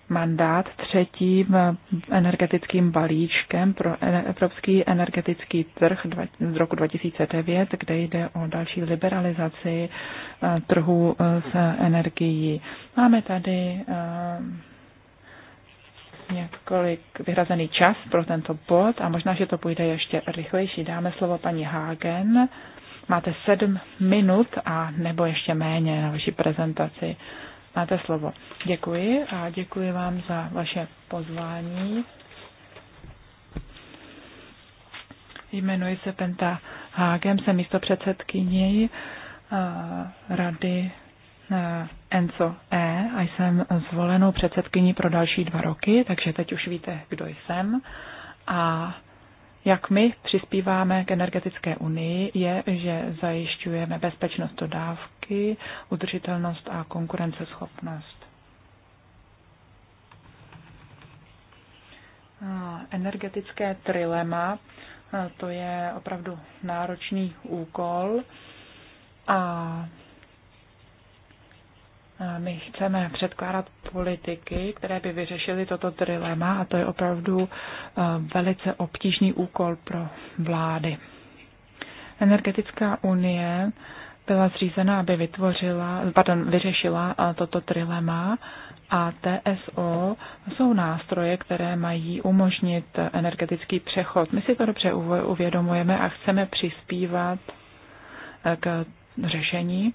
Speaker 2: mandát třetím eh, energetickým balíčkem pro Evropský energetický trh z roku 2009, kde jde o další liberalizaci eh, trhu eh, s energií. Máme tady několik vyhrazený čas pro tento bod a možná, že to půjde ještě rychlejší. Dáme slovo paní Hagen. Máte sedm minut a nebo ještě méně na vaší prezentaci. Máte slovo. Děkuji a děkuji vám za vaše pozvání. Jmenuji se Penta Hágem, jsem místo předsedkyní eh, rady eh, Enco E a jsem zvolenou předsedkyní pro další dva roky, takže teď už víte, kdo jsem. A jak my přispíváme k energetické unii, je, že zajišťujeme bezpečnost dodávky, udržitelnost a konkurenceschopnost. Energetické trilema, to je opravdu náročný úkol a my chceme předkládat politiky, které by vyřešily toto trilema a to je opravdu eh, velice obtížný úkol pro vlády. Energetická unie byla zřízena, aby vytvořila, pardon, vyřešila eh, toto trilema a TSO jsou nástroje, které mají umožnit energetický přechod. My si to dobře uvědomujeme a chceme přispívat eh, k řešení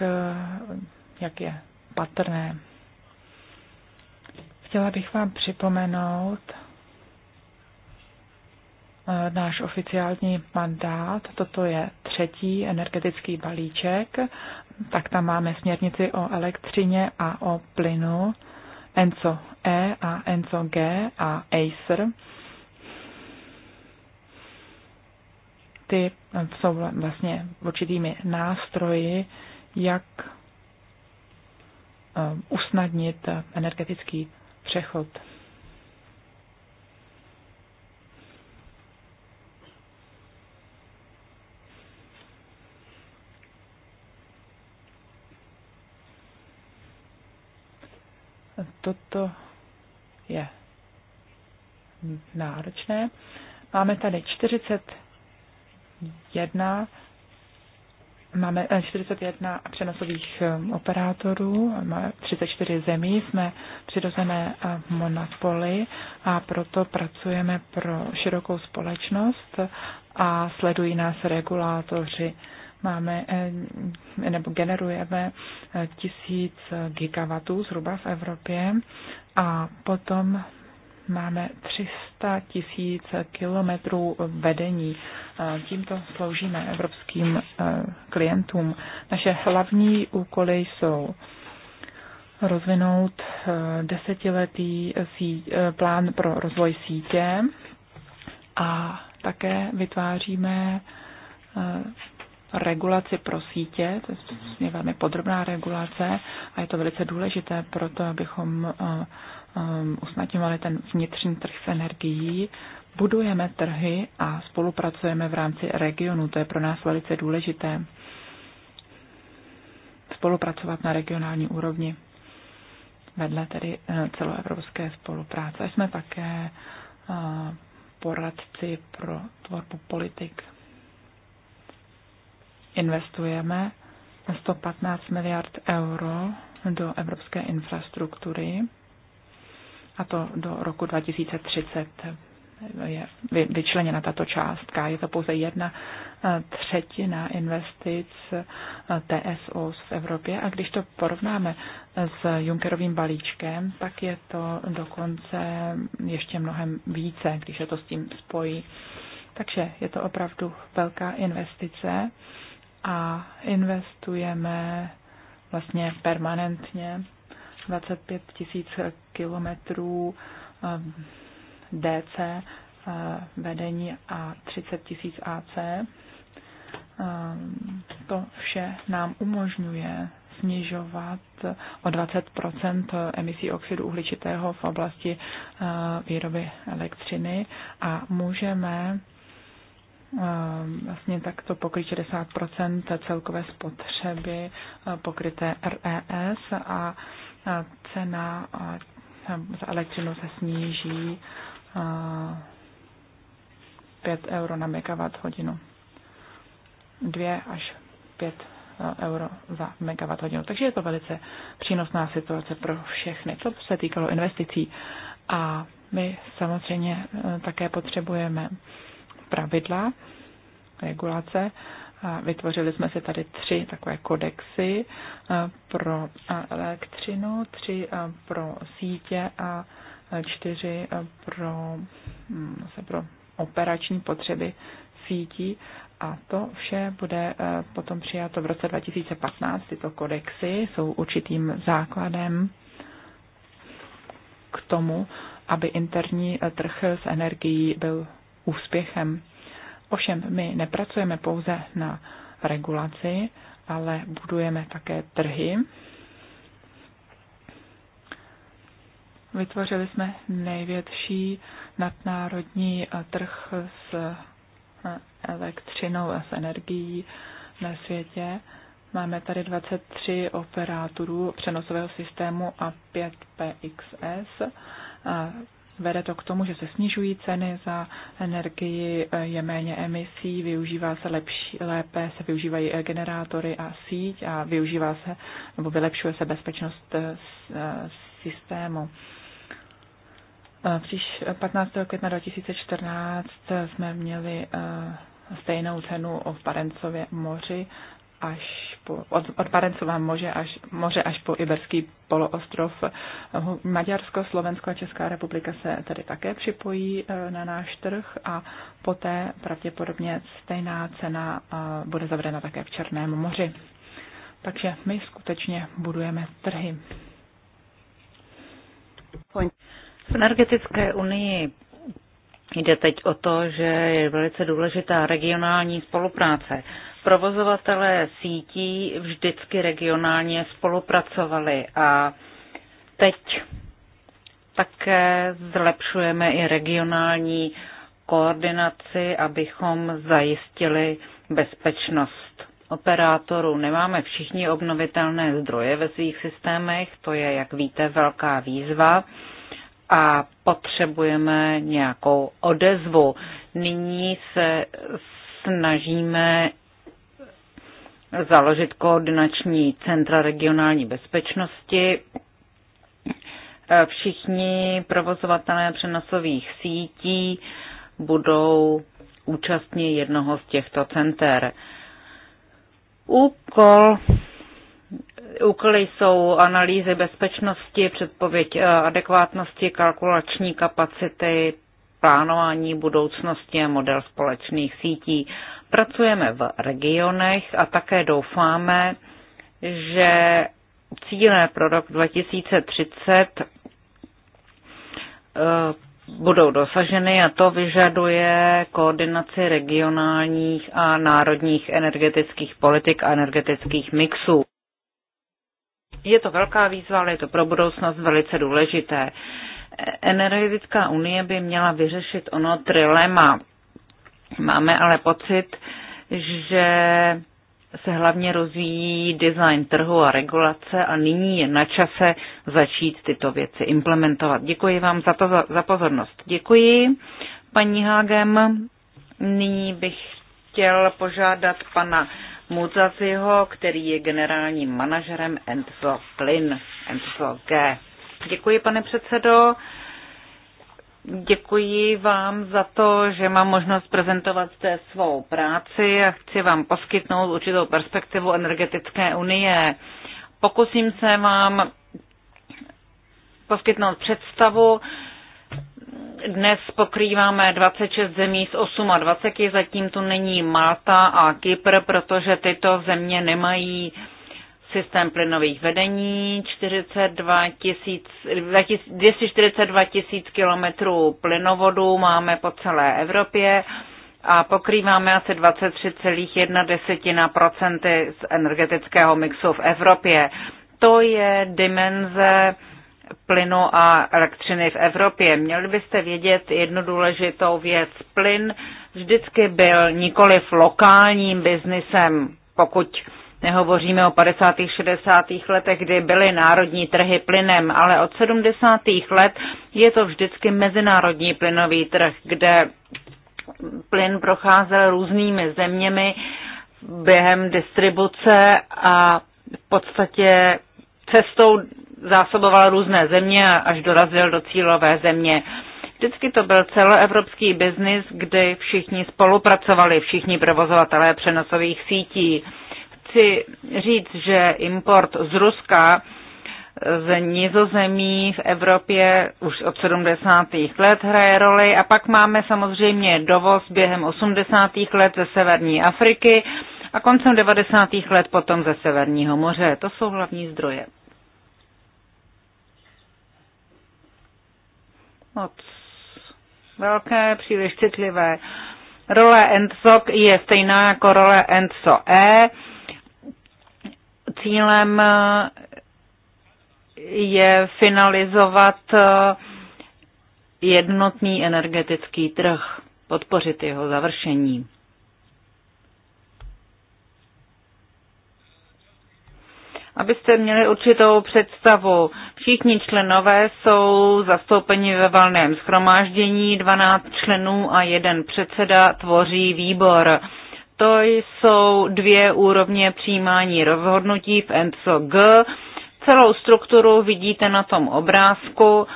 Speaker 2: Eh, jak je patrné. Chtěla bych vám připomenout eh, náš oficiální mandát. Toto je třetí energetický balíček. Tak tam máme směrnici o elektřině a o plynu ENCO E a ENCO G a ACER. Ty jsou vlastně určitými nástroji, jak eh, usnadnit energetický přechod. Toto je náročné. Máme tady 41 Máme 41 eh, přenosových eh, operátorů, máme 34 zemí, jsme přirozené eh, monopoly a proto pracujeme pro širokou společnost a sledují nás regulátoři. Máme nebo generujeme tisíc gigawatů zhruba v Evropě a potom máme 300 tisíc kilometrů vedení. Tímto sloužíme evropským e, klientům. Naše hlavní úkoly jsou rozvinout e, desetiletý e, plán pro rozvoj sítě a také vytváříme regulaci pro sítě, to je velmi podrobná regulace a je to velice důležité pro to, abychom Um, usnadňovali ten vnitřní trh s energií, budujeme trhy a spolupracujeme v rámci regionu. To je pro nás velice důležité. Spolupracovat na regionální úrovni vedle tedy eh, celoevropské spolupráce. Jsme také eh, poradci pro tvorbu politik. Investujeme 115 miliard euro do evropské infrastruktury a to do roku 2030 je vyčleněna tato částka. Je to pouze jedna eh, třetina investic eh, TSO v Evropě a když to porovnáme eh, s Junckerovým balíčkem, tak je to dokonce ještě mnohem více, když se to s tím spojí. Takže je to opravdu velká investice a investujeme vlastně permanentně 25 tisíc kilometrů eh, DC eh, vedení a 30 tisíc AC. Eh, to vše nám umožňuje snižovat o 20 emisí oxidu uhličitého v oblasti výroby elektřiny a můžeme vlastně takto pokryt 60 celkové spotřeby pokryté RES a cena za elektřinu se sníží 5 euro na megawatt hodinu. 2 až 5 euro za megawatt hodinu. Takže je to velice přínosná situace pro všechny. co se týkalo investicí. A my samozřejmě e, také potřebujeme pravidla, regulace, Vytvořili jsme si tady tři takové kodexy e, pro e, elektřinu, tři e, pro sítě a čtyři pro, mm, se pro operační potřeby sítí. A to vše bude potom přijato v roce 2015. Tyto kodexy jsou určitým základem k tomu, aby interní trh s energií byl úspěchem. Ovšem, my nepracujeme pouze na regulaci, ale budujeme také trhy. Vytvořili jsme největší nadnárodní eh, trh s eh, elektřinou a s energií na světě. Máme tady 23 operátorů přenosového systému a 5 PXS. A Vede to k tomu, že se snižují ceny za energii, je méně emisí, využívá se lepší, lépe, se využívají generátory a síť a využívá se nebo vylepšuje se bezpečnost eh, eh, systému. Eh, příš 15. května 2014 jsme měli stejnou cenu v Parencově moři až po, od, od Barencová moře až, moře až po Iberský poloostrov. Maďarsko, Slovensko a Česká republika se tady také připojí e, na náš trh a poté pravděpodobně stejná cena e, bude zavedena také v Černém moři. Takže my skutečně budujeme trhy. V energetické
Speaker 3: unii jde teď o to, že je velice důležitá regionální spolupráce provozovatelé sítí vždycky regionálně spolupracovali a teď také zlepšujeme i regionální koordinaci, abychom zajistili bezpečnost operátorů. Nemáme všichni obnovitelné zdroje ve svých systémech, to je, jak víte, velká výzva a potřebujeme nějakou odezvu. Nyní se snažíme založit koordinační centra regionální bezpečnosti. Všichni provozovatelé přenosových sítí budou účastní jednoho z těchto center. Úkol Úkoly jsou analýzy bezpečnosti, předpověď eh, adekvátnosti, kalkulační kapacity, plánování budoucnosti a model společných sítí. Pracujeme v regionech a také doufáme, že cíle pro rok 2030 eh, budou dosaženy a to vyžaduje koordinaci regionálních a národních energetických politik a energetických mixů. Je to velká výzva, ale je to pro budoucnost velice důležité. Energetická unie by měla vyřešit ono trilema Máme ale pocit, že se hlavně rozvíjí design trhu a regulace a nyní je na čase začít tyto věci implementovat. Děkuji vám za, to, za pozornost. Děkuji, paní Hágem. Nyní bych chtěl požádat pana Muzaziho, který je generálním manažerem Enzo Plyn, Enzo G. Děkuji, pane předsedo. Děkuji vám za to, že mám možnost prezentovat té svou práci a chci vám poskytnout určitou perspektivu energetické unie. Pokusím se vám poskytnout představu. Dnes pokrýváme 26 zemí z 28, zatím tu není Malta a Kypr, protože tyto země nemají systém plynových vedení, 42 242 tisíc kilometrů plynovodů máme po celé Evropě a pokrýváme asi 23,1 z energetického mixu v Evropě. To je dimenze plynu a elektřiny v Evropě. Měli byste vědět jednu důležitou věc. Plyn vždycky byl nikoliv lokálním biznisem, pokud Nehovoříme o 50. 60. letech, kdy byly národní trhy plynem, ale od 70. let je to vždycky mezinárodní plynový trh, kde plyn procházel různými zeměmi během distribuce a v podstatě cestou zásoboval různé země až dorazil do cílové země. Vždycky to byl celoevropský biznis, kdy všichni spolupracovali, všichni provozovatelé přenosových sítí chci říct, že import z Ruska z nizozemí v Evropě už od 70. let hraje roli a pak máme samozřejmě dovoz během 80. let ze severní Afriky a koncem 90. let potom ze Severního moře. To jsou hlavní zdroje. Moc velké, příliš citlivé. Role ENSOC je stejná jako role ENSO-E Cílem eh, je finalizovat eh, jednotný energetický trh, podpořit jeho završení. Abyste měli určitou představu, všichni členové jsou zastoupeni ve valném schromáždění, 12 členů a jeden předseda tvoří výbor. To jsou dvě úrovně přijímání rozhodnutí v ENSOG. Celou strukturu vidíte na tom obrázku.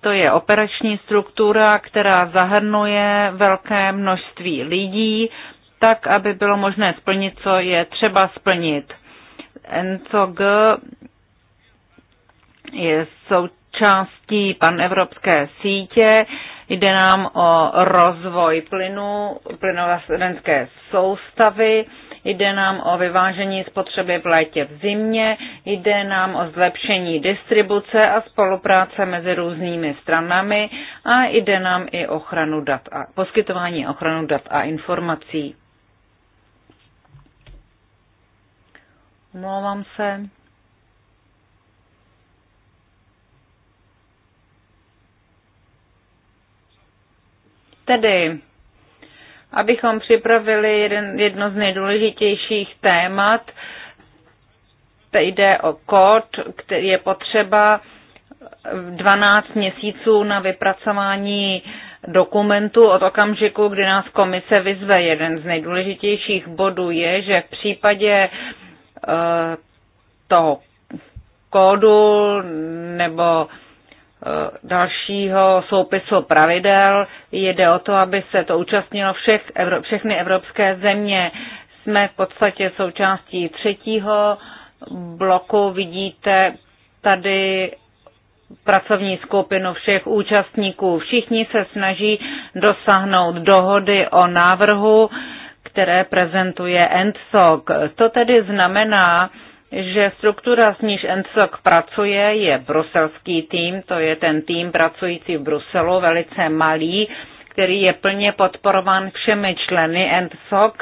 Speaker 3: To je operační struktura, která zahrnuje velké množství lidí, tak, aby bylo možné splnit, co je třeba splnit. NCOG je součástí panevropské sítě, Jde nám o rozvoj plynu, plynovarenské soustavy, jde nám o vyvážení spotřeby v létě v zimě, jde nám o zlepšení distribuce a spolupráce mezi různými stranami a jde nám i ochranu dat a poskytování ochranu dat a informací. Omlouvám se. tedy abychom připravili jeden, jedno z nejdůležitějších témat. Jde o kód, který je potřeba 12 měsíců na vypracování dokumentu od okamžiku, kdy nás komise vyzve. Jeden z nejdůležitějších bodů je, že v případě uh, toho kódu nebo uh, dalšího soupisu pravidel. Jde o to, aby se to účastnilo všech, všechny evropské země. Jsme v podstatě součástí třetího bloku. Vidíte tady pracovní skupinu všech účastníků. Všichni se snaží dosáhnout dohody o návrhu, které prezentuje ENSOC. To tedy znamená, že struktura, s níž ENSOC pracuje, je bruselský tým, to je ten tým pracující v Bruselu, velice malý, který je plně podporován všemi členy ENSOC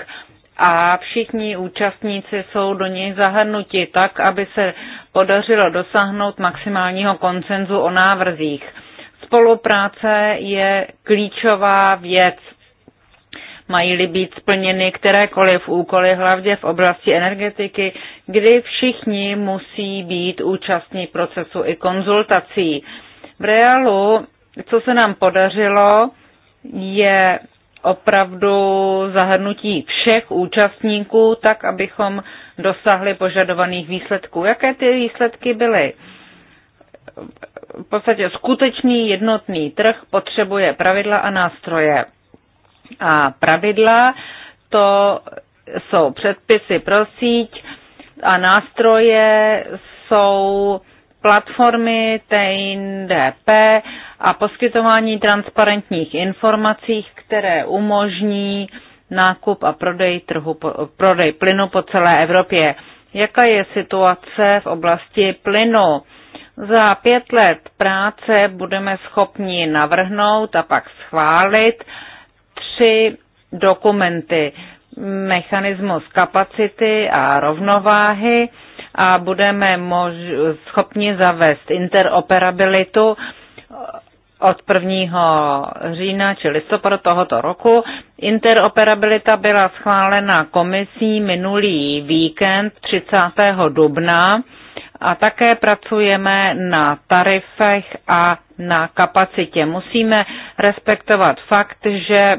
Speaker 3: a všichni účastníci jsou do něj zahrnuti tak, aby se podařilo dosáhnout maximálního koncenzu o návrzích. Spolupráce je klíčová věc mají-li být splněny kterékoliv úkoly, hlavně v oblasti energetiky, kdy všichni musí být účastní procesu i konzultací. V reálu, co se nám podařilo, je opravdu zahrnutí všech účastníků, tak abychom dosáhli požadovaných výsledků. Jaké ty výsledky byly? V podstatě skutečný jednotný trh potřebuje pravidla a nástroje. A pravidla to jsou předpisy pro síť a nástroje jsou platformy TNDP a poskytování transparentních informací, které umožní nákup a prodej, trhu, prodej plynu po celé Evropě. Jaká je situace v oblasti plynu? Za pět let práce budeme schopni navrhnout a pak schválit tři dokumenty. Mechanismus kapacity a rovnováhy a budeme mož- schopni zavést interoperabilitu od 1. října či listopadu tohoto roku. Interoperabilita byla schválena komisí minulý víkend 30. dubna a také pracujeme na tarifech a na kapacitě. Musíme respektovat fakt, že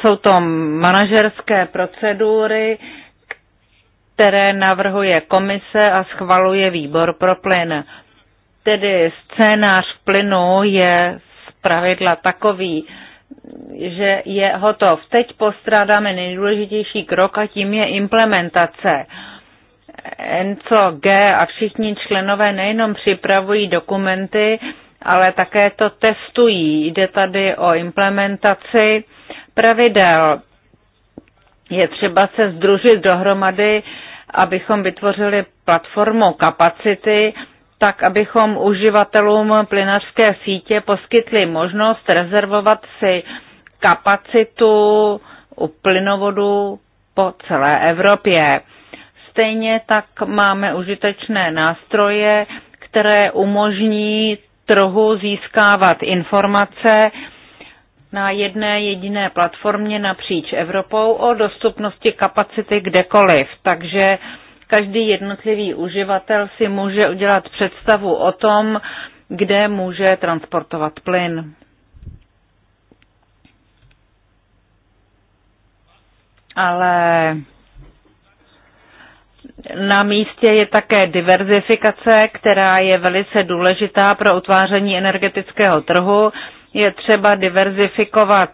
Speaker 3: jsou to manažerské procedury, které navrhuje komise a schvaluje výbor pro plyn. Tedy scénář plynu je z pravidla takový, že je hotov. Teď postrádáme nejdůležitější krok a tím je implementace. Enco G a všichni členové nejenom připravují dokumenty, ale také to testují. Jde tady o implementaci pravidel. Je třeba se združit dohromady, abychom vytvořili platformu kapacity, tak abychom uživatelům plynařské sítě poskytli možnost rezervovat si kapacitu u plynovodu po celé Evropě. Stejně tak máme užitečné nástroje, které umožní trhu získávat informace, na jedné jediné platformě napříč Evropou o dostupnosti kapacity kdekoliv. Takže každý jednotlivý uživatel si může udělat představu o tom, kde může transportovat plyn. Ale na místě je také diverzifikace, která je velice důležitá pro utváření energetického trhu je třeba diverzifikovat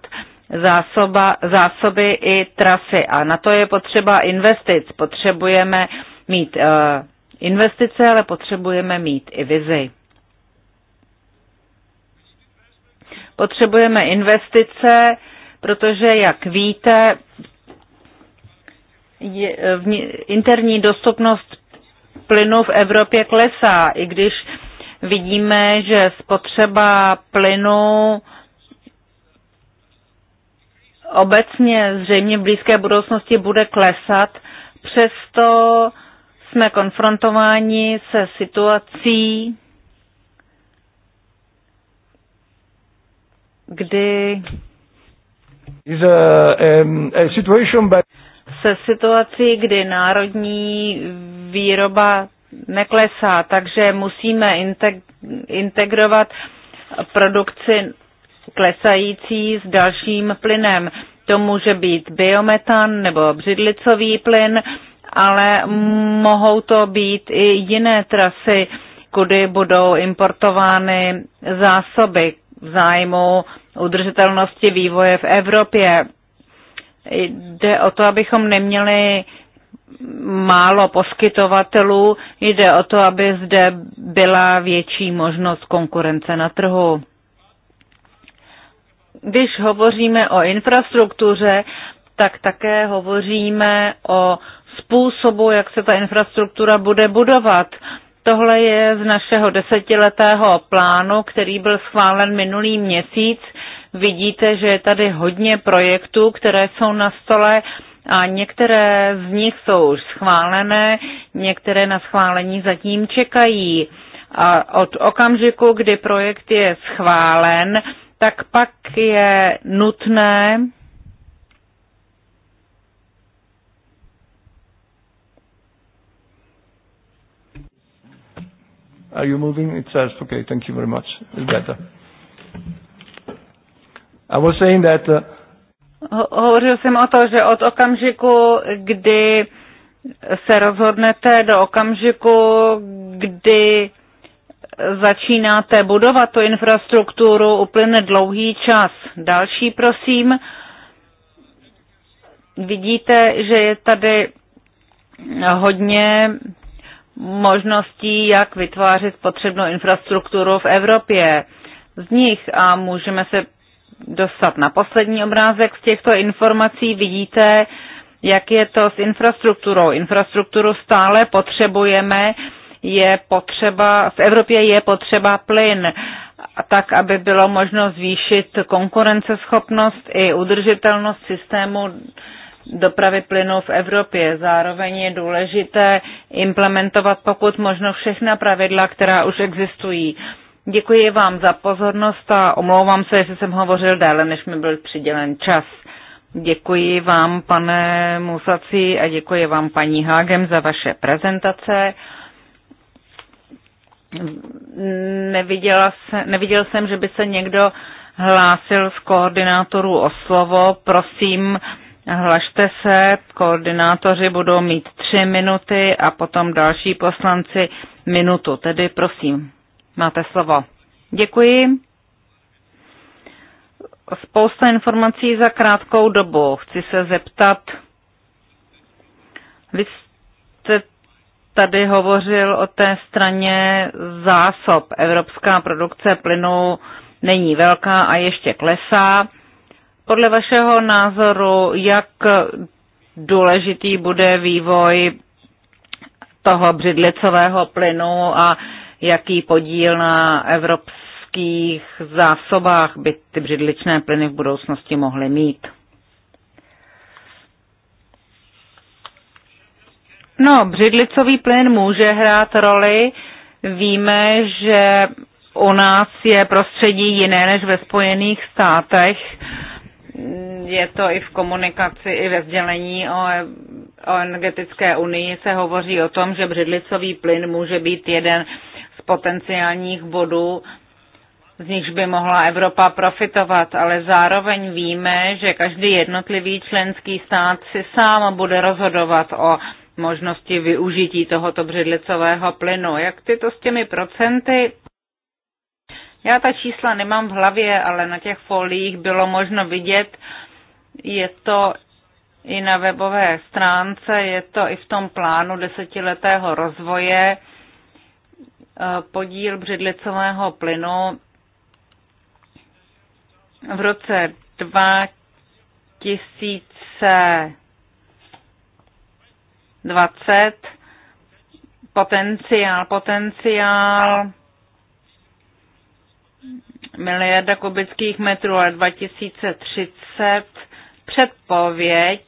Speaker 3: zásoba, zásoby i trasy. A na to je potřeba investic. Potřebujeme mít uh, investice, ale potřebujeme mít i vizi. Potřebujeme investice, protože, jak víte, je, eh, v, interní dostupnost plynu v Evropě klesá, i když uh, Vidíme, že spotřeba plynu obecně zřejmě v blízké budoucnosti bude klesat, přesto jsme konfrontováni se situací,
Speaker 1: kdy uh, um,
Speaker 3: se situací, kdy národní výroba neklesá, takže musíme integrovat produkci klesající s dalším plynem. To může být biometan nebo břidlicový plyn, ale mohou to být i jiné trasy, kudy budou importovány zásoby v zájmu udržitelnosti vývoje v Evropě. Jde o to, abychom neměli málo poskytovatelů. Jde o to, aby zde byla větší možnost konkurence na trhu. Když hovoříme o infrastruktuře, tak také hovoříme o způsobu, jak se ta infrastruktura bude budovat. Tohle je z našeho desetiletého plánu, který byl schválen minulý měsíc. Vidíte, že je tady hodně projektů, které jsou na stole a některé z nich jsou už schválené, některé na schválení zatím čekají. A od okamžiku, kdy projekt je schválen, tak pak je nutné
Speaker 1: Are you moving? It says, okay, thank you very much. It's better. I was saying that uh,
Speaker 3: Hovořil jsem o to, že od okamžiku, kdy se rozhodnete do okamžiku, kdy začínáte budovat tu infrastrukturu, uplyne dlouhý čas. Další, prosím. Vidíte, že je tady hodně možností, jak vytvářet potřebnou infrastrukturu v Evropě. Z nich a můžeme se dostat na poslední obrázek. Z těchto informací vidíte, jak je to s infrastrukturou. Infrastrukturu stále potřebujeme, je potřeba, v Evropě je potřeba plyn, tak aby bylo možno zvýšit konkurenceschopnost i udržitelnost systému dopravy plynu v Evropě. Zároveň je důležité implementovat pokud možno všechna pravidla, která už existují. Děkuji vám za pozornost a omlouvám se, jestli jsem hovořil déle, než mi byl přidělen čas. Děkuji vám, pane Musaci, a děkuji vám, paní Hágem, za vaše prezentace. Neviděla se, neviděl jsem, že by se někdo hlásil z koordinátorů o slovo. Prosím, hlašte se, koordinátoři budou mít tři minuty a potom další poslanci minutu, tedy prosím. Máte slovo. Děkuji. Spousta informací za krátkou dobu. Chci se zeptat, vy jste tady hovořil o té straně zásob. Evropská produkce plynu není velká a ještě klesá. Podle vašeho názoru, jak důležitý bude vývoj toho břidlicového plynu a jaký podíl na evropských zásobách by ty břidličné plyny v budoucnosti mohly mít. No, břidlicový plyn může hrát roli. Víme, že u nás je prostředí jiné než ve Spojených
Speaker 2: státech.
Speaker 3: Je to i v komunikaci, i ve sdělení o, o energetické unii se hovoří o tom, že břidlicový plyn může být jeden potenciálních bodů, z nichž by mohla Evropa profitovat, ale zároveň víme, že každý jednotlivý členský stát si sám bude rozhodovat o možnosti využití tohoto břidlicového plynu. Jak ty to s těmi procenty? Já ta čísla nemám v hlavě, ale na těch folích bylo možno vidět, je to i na webové stránce, je to i v tom plánu desetiletého rozvoje podíl břidlicového plynu v roce 2020 potenciál, potenciál miliarda kubických metrů, ale 2030 předpověď,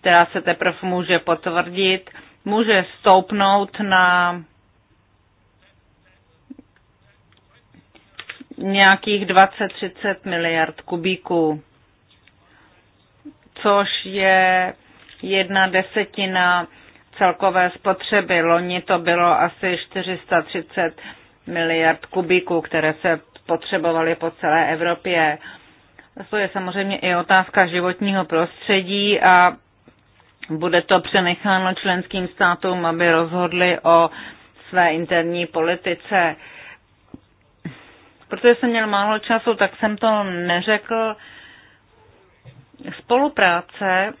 Speaker 3: která se teprve může potvrdit, může stoupnout na nějakých 20-30 miliard kubíků, což je jedna desetina celkové spotřeby. Loni to bylo asi 430 miliard kubíků, které se potřebovaly po celé Evropě. To je samozřejmě i otázka životního prostředí a bude to přenecháno členským státům, aby rozhodli o své interní politice. Protože jsem měl málo času, tak jsem to neřekl. Spolupráce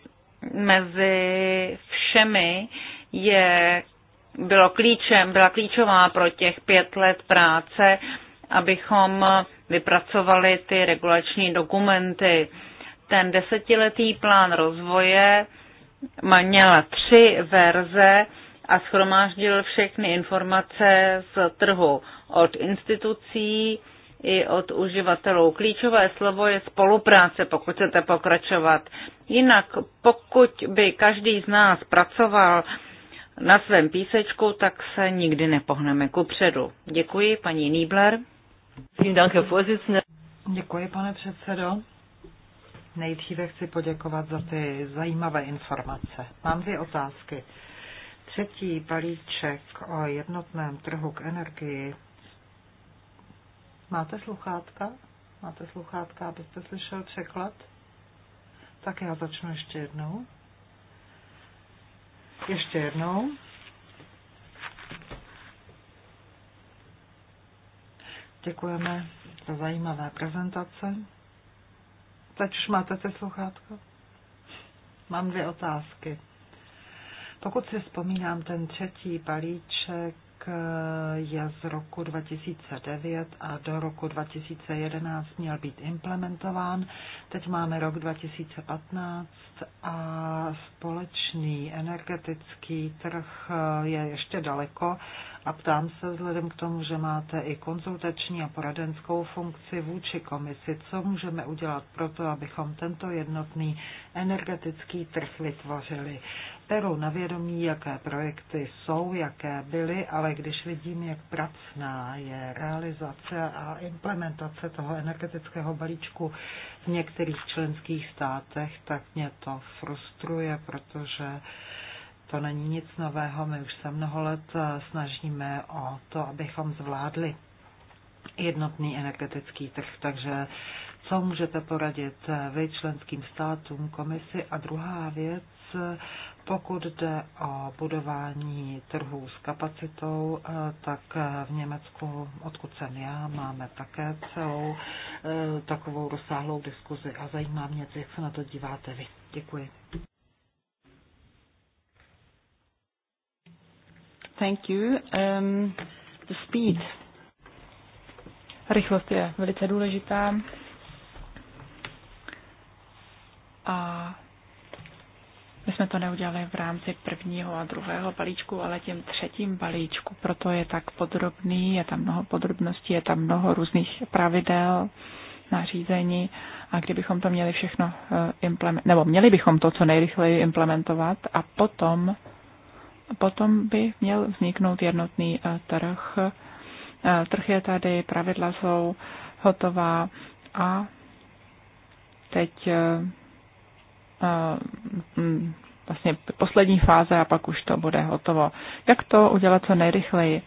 Speaker 3: mezi všemi je, bylo klíčem, byla klíčová pro těch pět let práce, abychom vypracovali ty regulační dokumenty. Ten desetiletý plán rozvoje měla tři verze a schromáždil všechny informace z trhu od institucí, i od uživatelů. Klíčové slovo je spolupráce, pokud chcete pokračovat. Jinak, pokud by každý z nás pracoval na svém písečku, tak se nikdy nepohneme ku
Speaker 4: předu. Děkuji, paní Niebler. Děkuji, pane předsedo. Nejdříve chci poděkovat za ty zajímavé informace. Mám dvě otázky. Třetí balíček o jednotném trhu k energii Máte sluchátka? Máte sluchátka, abyste slyšel překlad? Tak já začnu ještě jednou. Ještě jednou. Děkujeme za zajímavé prezentace. Teď už máte ty sluchátka? Mám dvě otázky. Pokud si vzpomínám, ten třetí balíček Eh, je z roku 2009 a do roku 2011 měl být implementován. Teď máme rok 2015 a společný energetický trh eh, je ještě daleko a ptám se vzhledem k tomu, že máte i konzultační a poradenskou funkci vůči komisi, co můžeme udělat pro to, abychom tento jednotný energetický trh vytvořili berou na vědomí, jaké projekty jsou, jaké byly, ale když vidím, jak pracná je realizace a implementace toho energetického balíčku v některých členských státech, tak mě to frustruje, protože to není nic nového. My už se mnoho let eh, snažíme o to, abychom zvládli jednotný energetický trh. Takže co můžete poradit eh, vy členským státům, komisi? A druhá věc, pokud jde o budování trhů s kapacitou, eh, tak v Německu, odkud jsem já, máme také celou eh, takovou rozsáhlou diskuzi a zajímá mě, jak se na to díváte vy. Děkuji. Thank you. Um,
Speaker 2: the speed. Rychlost je velice důležitá. A my jsme to neudělali v rámci prvního a druhého balíčku, ale tím třetím balíčku, proto je tak podrobný, je tam mnoho podrobností, je tam mnoho různých pravidel, nařízení a kdybychom to měli všechno eh, implementovat, nebo měli bychom to co nejrychleji implementovat a potom, potom by měl vzniknout jednotný eh, trh. Eh, trh je tady, pravidla jsou hotová a teď Eh, mm, vlastně poslední fáze a pak už to bude hotovo. Jak to udělat co nejrychleji?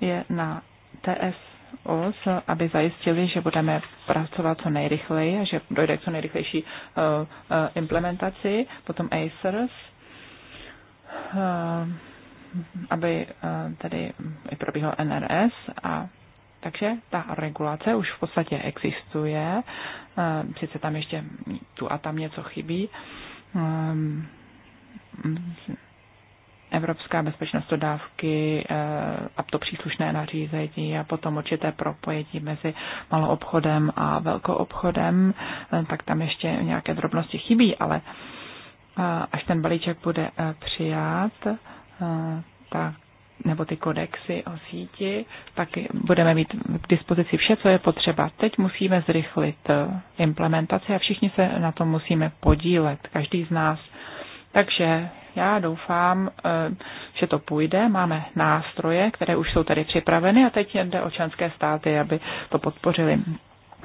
Speaker 2: Je na TSOS, aby zajistili, že budeme pracovat co nejrychleji a že dojde k co nejrychlejší eh, eh, implementaci. Potom ACERS, aby tady i probíhal NRS a takže ta regulace už v podstatě existuje, eh, sice tam ještě tu a tam něco chybí. Eh, Evropská bezpečnost dodávky eh, a to příslušné nařízení a potom určité propojení mezi maloobchodem a velkoobchodem, tak tam ještě nějaké drobnosti chybí, ale až ten balíček bude přijat, tak nebo ty kodexy o síti, pak budeme mít k dispozici vše, co je potřeba. Teď musíme zrychlit eh, implementaci a všichni se na tom musíme podílet, každý z nás. Takže já doufám, eh, že to půjde. Máme nástroje, které už jsou tady připraveny a teď jde o členské státy, aby to podpořili.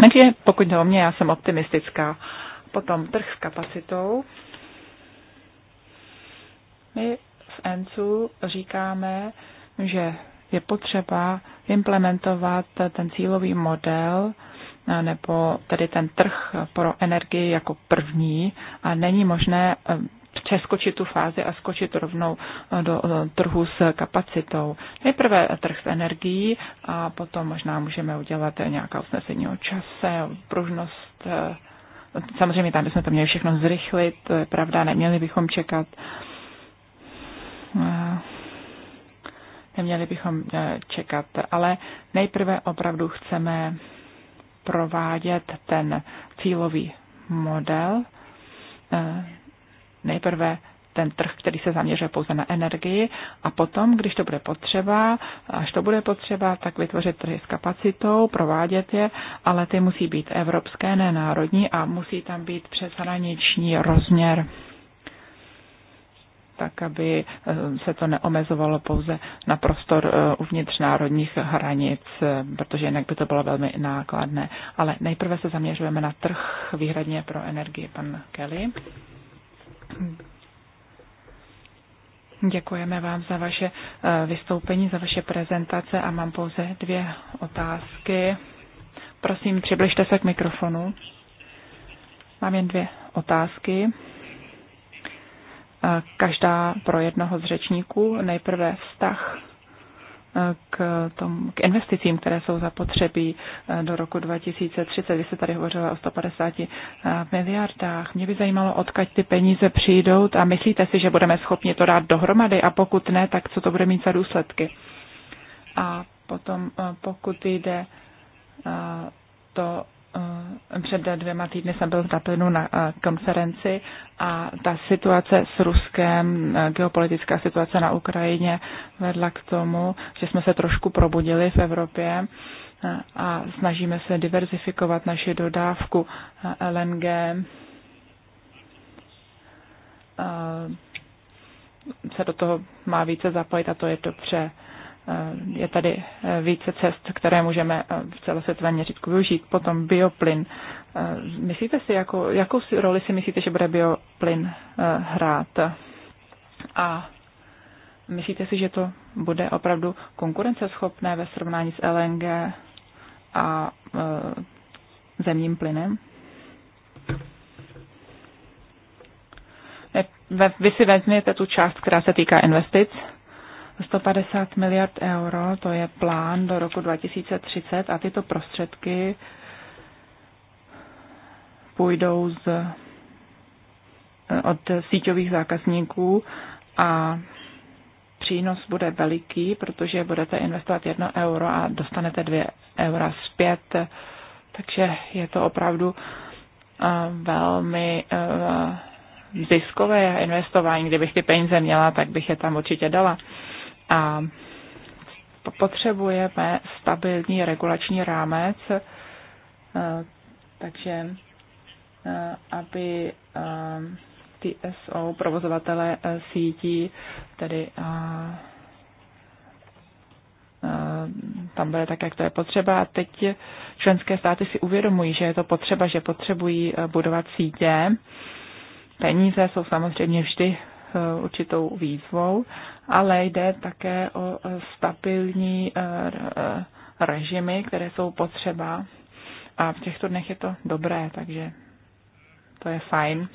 Speaker 2: Takže pokud jde o mě, já jsem optimistická. Potom trh s kapacitou. My v ENCU říkáme, že je potřeba implementovat ten cílový model eh, nebo tedy ten trh pro energii jako první a není možné eh, přeskočit tu fázi a skočit rovnou eh, do trhu s kapacitou. Nejprve trh s energií a potom možná můžeme udělat nějaká usnesení o čase, o pružnost. Samozřejmě tam bychom to měli všechno zrychlit, to je pravda, neměli bychom čekat Eh, neměli bychom eh, čekat, ale nejprve opravdu chceme provádět ten cílový model. Eh, nejprve ten trh, který se zaměřuje pouze na energii a potom, když to bude potřeba, až to bude potřeba, tak vytvořit trhy s kapacitou, provádět je, ale ty musí být evropské, ne národní a musí tam být přeshraniční rozměr tak aby eh, se to neomezovalo pouze na prostor eh, uvnitř národních hranic, eh, protože jinak by to bylo velmi nákladné. Ale nejprve se zaměřujeme na trh výhradně pro energii. Pan Kelly. Děkujeme vám za vaše vystoupení, za vaše prezentace a mám pouze dvě otázky. Prosím, přibližte se k mikrofonu. Mám jen dvě otázky každá pro jednoho z řečníků. Nejprve vztah e, k, tom, k investicím, které jsou zapotřebí e, do roku 2030. Vy jste tady hovořila o 150 e, miliardách. Mě by zajímalo, odkaď ty peníze přijdou a myslíte si, že budeme schopni to dát dohromady a pokud ne, tak co to bude mít za důsledky. A potom, pokud jde to Eh, před dvěma týdny jsem byl v Dublinu na eh, konferenci a ta situace s Ruskem, eh, geopolitická situace na Ukrajině vedla k tomu, že jsme se trošku probudili v Evropě a snažíme se diverzifikovat naši dodávku LNG. Se do toho má více zapojit a to je dobře. Eh, je tady eh, více cest, které můžeme eh, v celosvětovém měřítku využít. Potom bioplyn. Myslíte si, jako, jakou roli si myslíte, že bude bioplyn hrát? A myslíte si, že to bude opravdu konkurenceschopné ve srovnání s LNG a zemním plynem? Vy si vezměte tu část, která se týká investic 150 miliard euro, to je plán do roku 2030 a tyto prostředky půjdou z, od síťových zákazníků a přínos bude veliký, protože budete investovat jedno euro a dostanete dvě eura zpět. Takže je to opravdu eh, velmi eh, ziskové investování. Kdybych ty peníze měla, tak bych je tam určitě dala. A potřebujeme stabilní regulační rámec, eh, takže eh, aby eh, TSO, provozovatele sítí, tedy tam bude tak, jak to je potřeba. A teď členské státy si uvědomují, že je to potřeba, že potřebují budovat sítě. Peníze jsou samozřejmě vždy Eh, určitou výzvou, ale jde také o eh, stabilní eh, režimy, které jsou potřeba. A v těchto dnech je to dobré, takže to je fajn.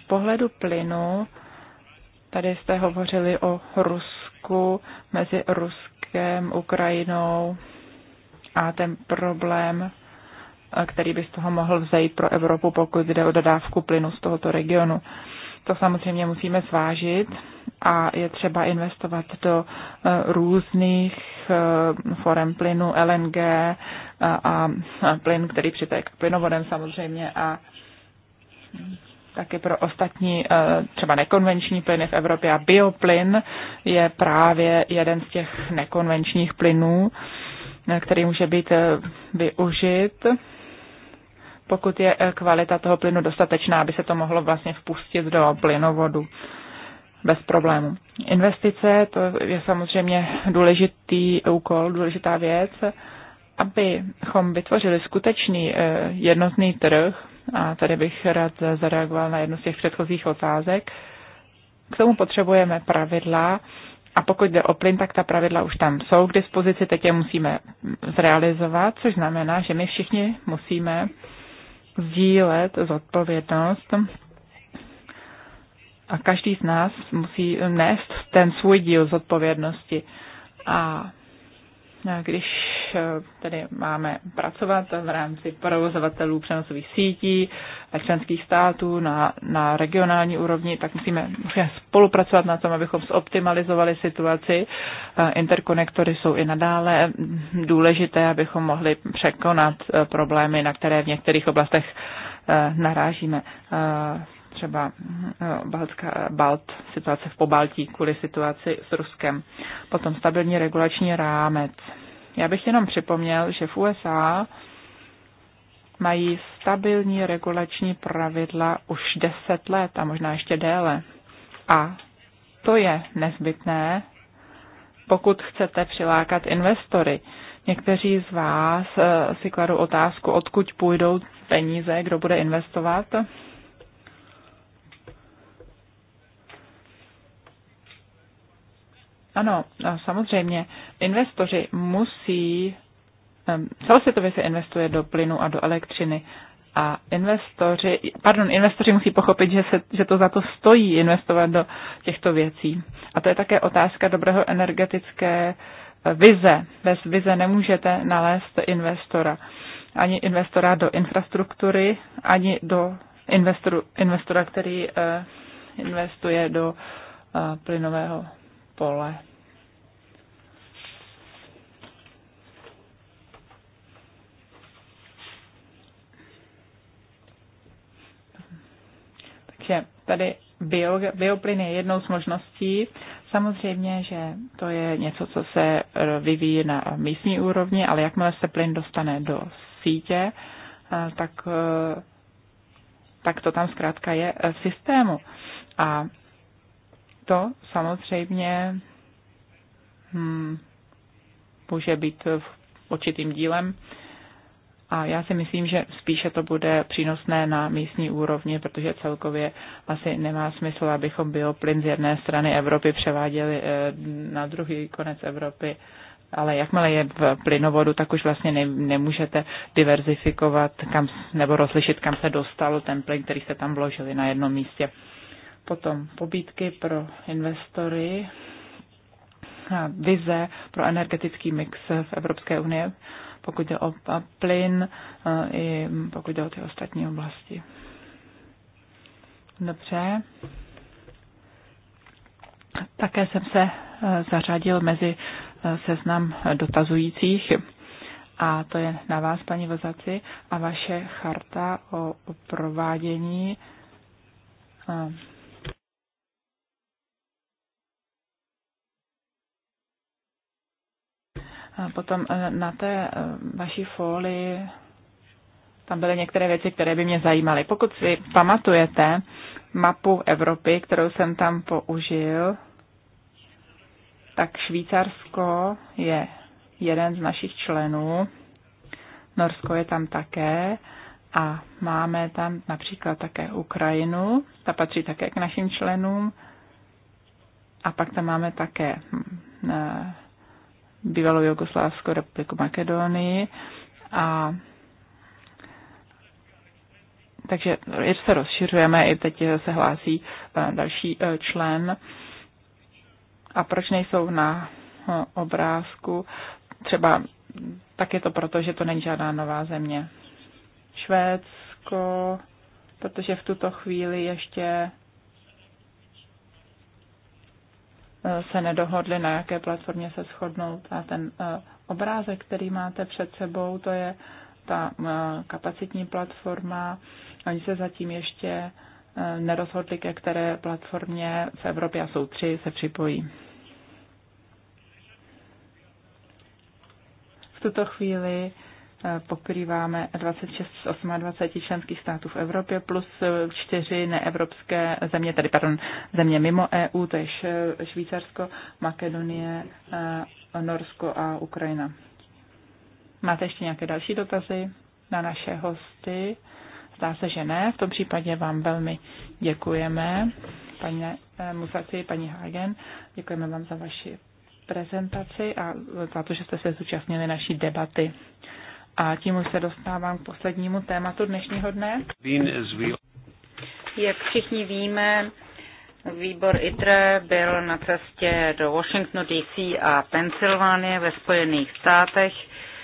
Speaker 2: Z pohledu plynu, tady jste hovořili o Rusku, mezi Ruskem, Ukrajinou a ten problém, který by z toho mohl vzejít pro Evropu, pokud jde o dodávku plynu z tohoto regionu. To samozřejmě musíme zvážit a je třeba investovat do eh, různých eh, forem plynu, LNG eh, a plyn, který přitéká plynovodem samozřejmě a taky pro ostatní třeba nekonvenční plyny v Evropě a bioplyn je právě jeden z těch nekonvenčních plynů, který může být využit pokud je eh, kvalita toho plynu dostatečná, aby se to mohlo vlastně vpustit do plynovodu bez problému. Investice, to je samozřejmě důležitý úkol, důležitá věc, abychom vytvořili skutečný eh, jednotný trh, a tady bych rád zareagoval na jednu z těch předchozích otázek, k tomu potřebujeme pravidla a pokud jde o plyn, tak ta pravidla už tam jsou k dispozici, teď je musíme zrealizovat, což znamená, že my všichni musíme sdílet zodpovědnost a každý z nás musí nést ten svůj díl zodpovědnosti. A když eh, tedy máme pracovat v rámci provozovatelů přenosových sítí a členských států na, na regionální úrovni, tak musíme, musíme spolupracovat na tom, abychom zoptimalizovali situaci. Eh, interkonektory jsou i nadále důležité, abychom mohli překonat eh, problémy, na které v některých oblastech narážíme třeba eh, Baltka, Balt, situace v Pobaltí kvůli situaci s Ruskem. Potom stabilní regulační rámec. Já bych jenom připomněl, že v USA mají stabilní regulační pravidla už 10 let a možná ještě déle. A to je nezbytné, pokud chcete přilákat investory. Někteří z vás eh, si kladou otázku, odkud půjdou peníze, kdo bude investovat. Ano, samozřejmě, investoři musí, celosvětově se investuje do plynu a do elektřiny a investoři, pardon, investoři musí pochopit, že, se, že to za to stojí investovat do těchto věcí. A to je také otázka dobrého energetické eh, vize. Bez vize nemůžete nalézt investora. Ani investora do infrastruktury, ani do investoru, investora, který eh, investuje do eh, plynového pole. Takže tady bio, bioplyn je jednou z možností. Samozřejmě, že to je něco, co se vyvíjí na místní úrovni, ale jakmile se plyn dostane do sítě, eh, tak, eh, tak to tam zkrátka je v systému. A to samozřejmě hmm, může být v určitým dílem. A já si myslím, že spíše to bude přínosné na místní úrovni, protože celkově asi nemá smysl, abychom bioplyn z jedné strany Evropy převáděli eh, na druhý konec Evropy. Ale jakmile je v plynovodu, tak už vlastně ne, nemůžete diverzifikovat kam, nebo rozlišit, kam se dostal ten plyn, který se tam vložili na jednom místě potom pobídky pro investory, vize pro energetický mix v Evropské unii, pokud jde o plyn i pokud jde o ty ostatní oblasti. Dobře. Také jsem se e, zařadil mezi e, seznam dotazujících a to je na vás, paní Vozaci, a vaše charta o provádění e, Potom e, na té e, vaší folii tam byly některé věci, které by mě zajímaly. Pokud si pamatujete mapu Evropy, kterou jsem tam použil, tak Švýcarsko je jeden z našich členů, Norsko je tam také a máme tam například také Ukrajinu, ta patří také k našim členům. A pak tam máme také e, bývalou Jugoslávskou republiku Makedonii a takže se rozšiřujeme, i teď se hlásí eh, další eh, člen. A proč nejsou na eh, obrázku? Třeba tak je to proto, že to není žádná nová země. Švédsko, protože v tuto chvíli ještě se nedohodli, na jaké platformě se shodnout. A ten eh, obrázek, který máte před sebou, to je ta eh, kapacitní platforma. Oni se zatím ještě eh, nerozhodli, ke které platformě v Evropě, a jsou tři, se připojí. V tuto chvíli pokrýváme 26 z 28 členských států v Evropě plus čtyři neevropské země, tedy pardon, země mimo EU, to je Švýcarsko, Makedonie, eh, Norsko a Ukrajina. Máte ještě nějaké další dotazy na naše hosty? Zdá se, že ne. V tom případě vám velmi děkujeme, paní eh, Musaci, paní Hagen. Děkujeme vám za vaši prezentaci a za to, že jste se zúčastnili naší debaty. A tím už se dostávám k poslednímu tématu dnešního dne. Jak všichni víme, výbor
Speaker 3: ITRE byl na cestě do Washingtonu DC a Pensylvánie ve Spojených státech.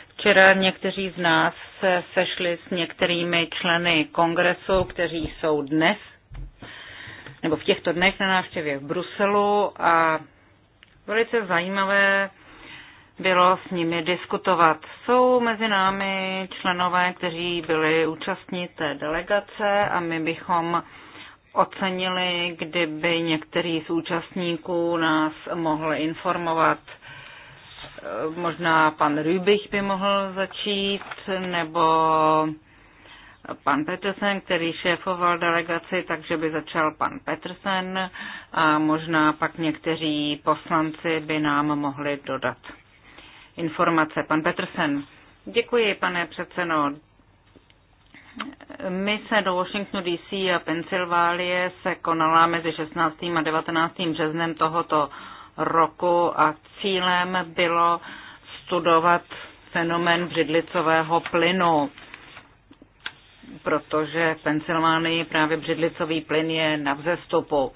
Speaker 3: Včera někteří z nás se sešli s některými členy kongresu, kteří jsou dnes nebo v těchto dnech na návštěvě v Bruselu a velice zajímavé bylo s nimi diskutovat. Jsou mezi námi členové, kteří byli účastní té delegace a my bychom ocenili, kdyby některý z účastníků nás mohl informovat. Možná pan Rübich by mohl začít, nebo pan Petersen, který šéfoval delegaci, takže by začal pan Petersen a možná pak někteří poslanci by nám mohli dodat informace. Pan Petersen. Děkuji, pane předseno. se do Washingtonu DC a Pensylvánie se konala mezi 16. a 19. březnem tohoto roku a cílem bylo studovat fenomén břidlicového plynu, protože v Pensylvánii právě břidlicový plyn je na vzestupu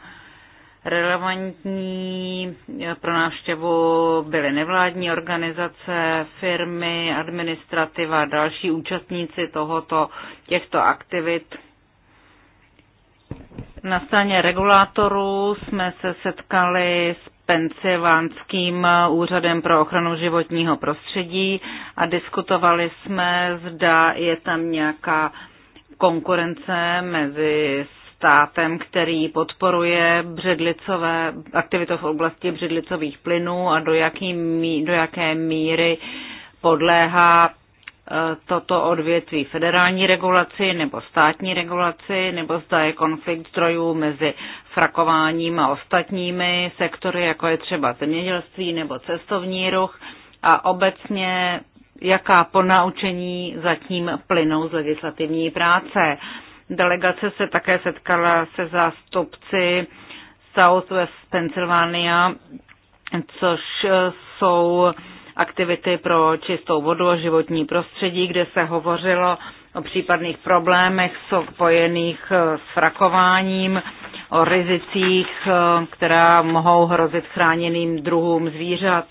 Speaker 1: relevantní
Speaker 3: eh, pro návštěvu byly nevládní organizace, firmy, administrativa, další účastníci tohoto, těchto aktivit. Na straně regulátorů jsme se setkali s Pensylvánským úřadem pro ochranu životního prostředí a diskutovali jsme, zda je tam nějaká konkurence mezi státem, který podporuje břidlicové aktivity v oblasti břidlicových plynů a do, jaký, do jaké míry podléhá e, toto odvětví federální regulaci nebo státní regulaci, nebo zda je konflikt zdrojů mezi frakováním a ostatními sektory, jako je třeba zemědělství nebo cestovní ruch a obecně jaká ponaučení zatím plynou z legislativní práce. Delegace se také setkala se zástupci Southwest Pennsylvania, což jsou aktivity pro čistou vodu a životní prostředí, kde se hovořilo o případných problémech spojených s frakováním, o rizicích, která mohou hrozit chráněným druhům zvířat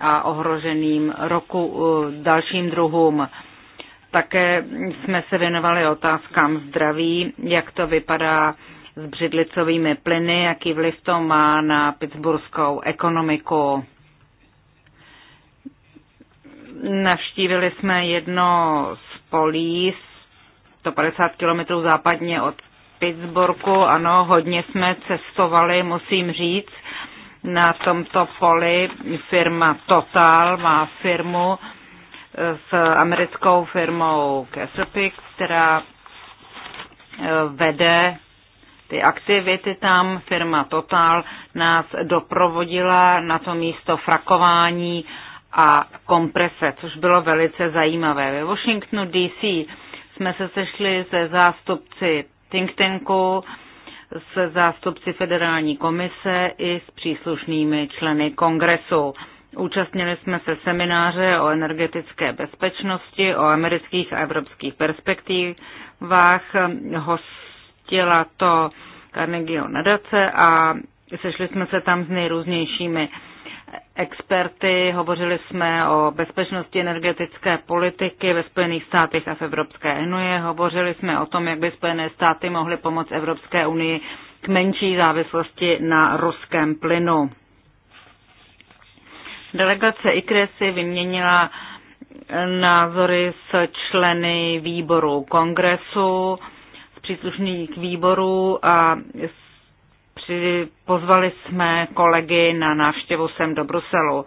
Speaker 3: a ohroženým roku dalším druhům. Také jsme se věnovali otázkám zdraví, jak to vypadá s břidlicovými plyny, jaký vliv to má na pittsburskou ekonomiku. Navštívili jsme jedno z polí 150 kilometrů západně od Pittsburghu. Ano, hodně jsme cestovali, musím říct. Na tomto poli firma Total má firmu, s americkou firmou Chesapeake, která eh, vede ty aktivity tam. Firma Total nás doprovodila na to místo frakování a komprese, což bylo velice zajímavé. Ve Washingtonu DC jsme se sešli se zástupci think tanku, se zástupci federální komise i s příslušnými členy kongresu. Účastnili jsme se semináře o energetické bezpečnosti, o amerických a evropských perspektivách. Hostila to Carnegie nadace a sešli jsme se tam s nejrůznějšími experty, hovořili jsme o bezpečnosti energetické politiky ve Spojených státech a v Evropské unii, hovořili jsme o tom, jak by Spojené státy mohly pomoct Evropské unii k menší závislosti na ruském plynu. Delegace Ikresy si vyměnila eh, názory s členy výboru kongresu, s příslušných výborů a při, pozvali jsme kolegy na návštěvu sem do Bruselu.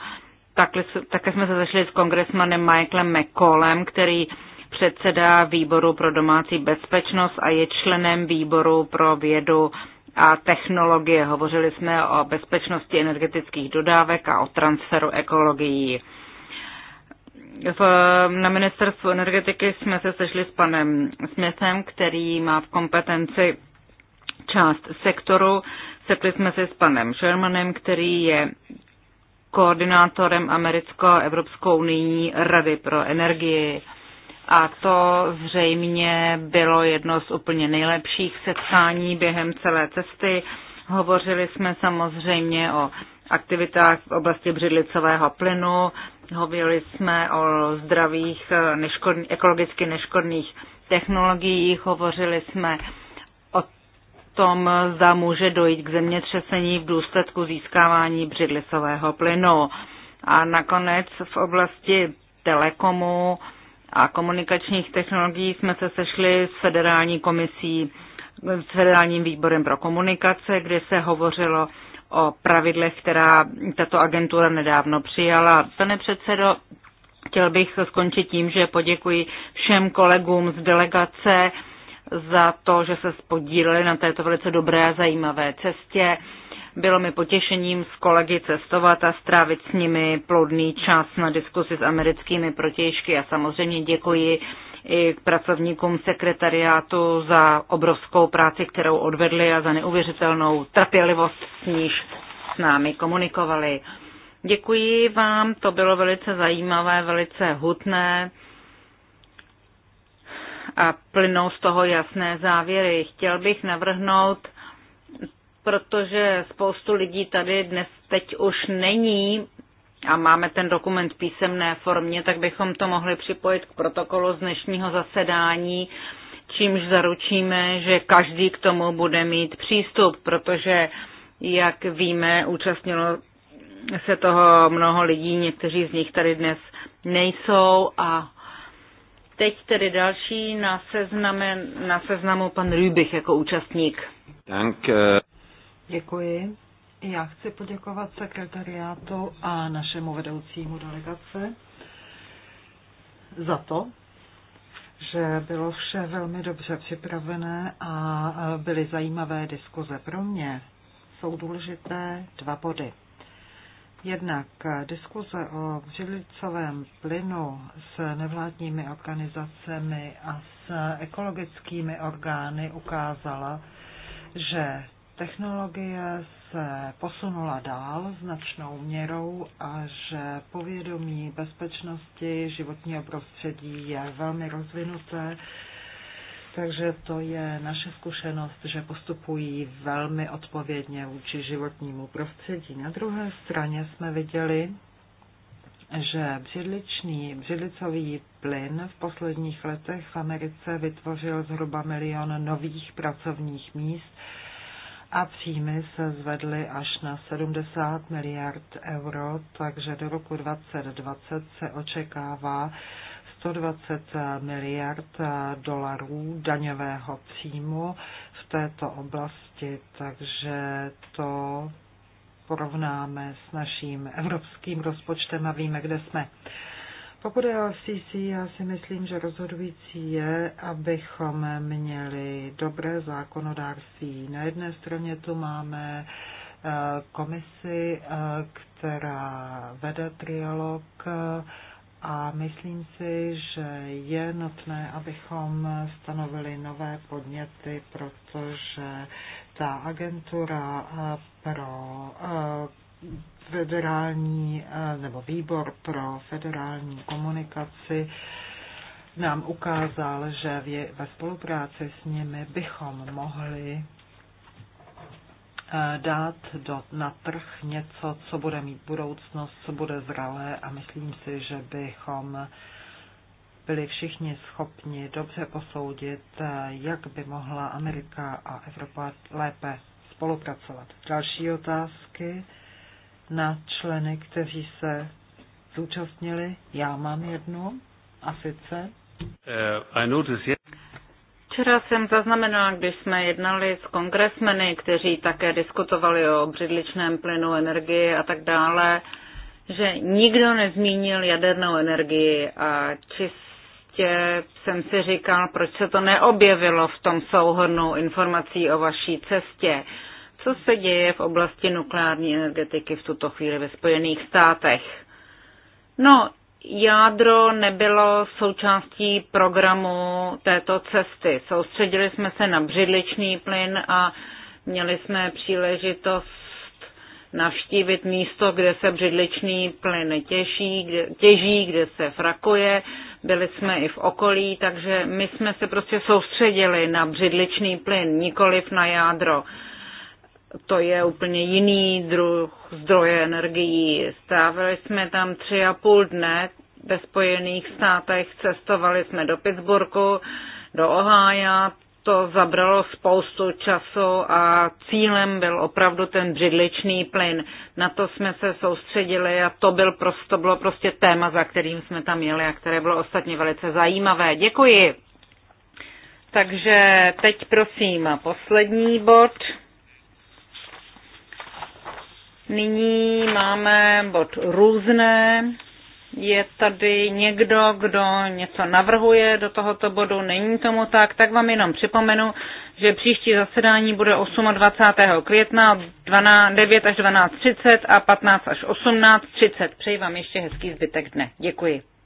Speaker 3: Takhle, také jsme se zašli s kongresmanem Michaelem McCallem, který předsedá výboru pro domácí bezpečnost a je členem výboru pro vědu, a technologie. Hovořili jsme o bezpečnosti energetických dodávek a o transferu ekologií. V, na ministerstvu energetiky jsme se sešli s panem Smětem, který má v kompetenci část sektoru. Sekli jsme se s panem Shermanem, který je koordinátorem Americko-Evropskou unijní rady pro energii a to zřejmě bylo jedno z úplně nejlepších setkání během celé cesty. Hovořili jsme samozřejmě o aktivitách v oblasti břidlicového plynu, hovořili jsme o zdravých neškodný, ekologicky neškodných technologiích, hovořili jsme o tom, zda může dojít k zemětřesení v důsledku získávání břidlicového plynu. A nakonec v oblasti telekomu a komunikačních technologií jsme se sešli s federální komisí, s federálním výborem pro komunikace, kde se hovořilo o pravidlech, která tato agentura nedávno přijala. Pane předsedo, chtěl bych skončit tím, že poděkuji všem kolegům z delegace za to, že se spodíleli na této velice dobré a zajímavé cestě. Bylo mi potěšením s kolegy cestovat a strávit s nimi plodný čas na diskusi s americkými protějšky a samozřejmě děkuji i pracovníkům sekretariátu za obrovskou práci, kterou odvedli a za neuvěřitelnou trpělivost, s níž s námi komunikovali. Děkuji vám, to bylo velice zajímavé, velice hutné a plynou z toho jasné závěry. Chtěl bych navrhnout protože spoustu lidí tady dnes teď už není a máme ten dokument v písemné formě, tak bychom to mohli připojit k protokolu z dnešního zasedání, čímž zaručíme, že každý k tomu bude mít přístup, protože, jak víme, účastnilo se toho mnoho lidí, někteří z nich tady dnes nejsou a teď tedy další na, sezname, na seznamu
Speaker 4: pan Rübich jako účastník. uh... Děkuji. Já chci poděkovat sekretariátu a našemu vedoucímu delegace za to, že bylo vše velmi dobře připravené a byly zajímavé diskuze. Pro mě jsou důležité dva body. Jednak diskuze o břidlicovém plynu s nevládními organizacemi a s ekologickými orgány ukázala, že technologie se posunula dál značnou měrou a že povědomí bezpečnosti životního prostředí je velmi rozvinuté. Takže to je naše zkušenost, že postupují velmi odpovědně vůči životnímu prostředí. Na druhé straně jsme viděli, že břidličný, břidlicový plyn v posledních letech v Americe vytvořil zhruba milion nových pracovních míst a příjmy se zvedly až na 70 miliard euro, takže do roku 2020 se očekává 120 miliard dolarů daňového příjmu v této oblasti, takže to porovnáme s naším evropským rozpočtem a víme, kde jsme. Pokud je o CC, já si myslím, že rozhodující je, abychom měli dobré zákonodárství. Na jedné straně tu máme eh, komisi, eh, která vede trialog eh, a myslím si, že je nutné, abychom stanovili nové podněty, protože ta agentura pro federální eh, nebo výbor pro federální komunikaci nám ukázal, že ve spolupráci s nimi bychom mohli eh, dát do, na trh něco, co bude mít budoucnost, co bude zralé a myslím si, že bychom byli všichni schopni dobře posoudit, eh, jak by mohla Amerika a Evropa lépe spolupracovat. Další otázky na členy, kteří se zúčastnili. Já mám jednu, a sice.
Speaker 1: Eh,
Speaker 4: Včera jsem
Speaker 3: zaznamenala, když jsme jednali s kongresmeny, kteří také diskutovali o břidličném plynu, energii a tak dále, že nikdo nezmínil jadernou energii a čistě jsem si říkal, proč se to neobjevilo v tom souhrnu informací o vaší cestě co se děje v oblasti nukleární energetiky v tuto chvíli ve Spojených státech. No, jádro nebylo součástí programu této cesty. Soustředili jsme se na břidličný plyn a měli jsme příležitost navštívit místo, kde se břidličný plyn těží, kde, těží, kde se frakuje. Byli jsme i v okolí, takže my jsme se prostě soustředili na břidličný plyn, nikoliv na jádro. Uh, to je úplně jiný druh zdroje energií. Strávili jsme tam tři a půl dne ve Spojených státech, cestovali jsme do Pittsburghu, do Ohája, to zabralo spoustu času a cílem byl opravdu ten břidličný plyn. Na to jsme se soustředili a to, byl prost, to bylo prostě téma, za kterým jsme tam jeli a které bylo ostatně velice zajímavé. Děkuji. Takže teď prosím poslední bod. Nyní máme bod různé. Je tady někdo, kdo něco navrhuje do tohoto bodu? Není tomu tak, tak vám jenom připomenu, že příští zasedání bude 28. května 9 až 12.30 a 15 až 18.30. Přeji vám ještě hezký zbytek dne. Děkuji.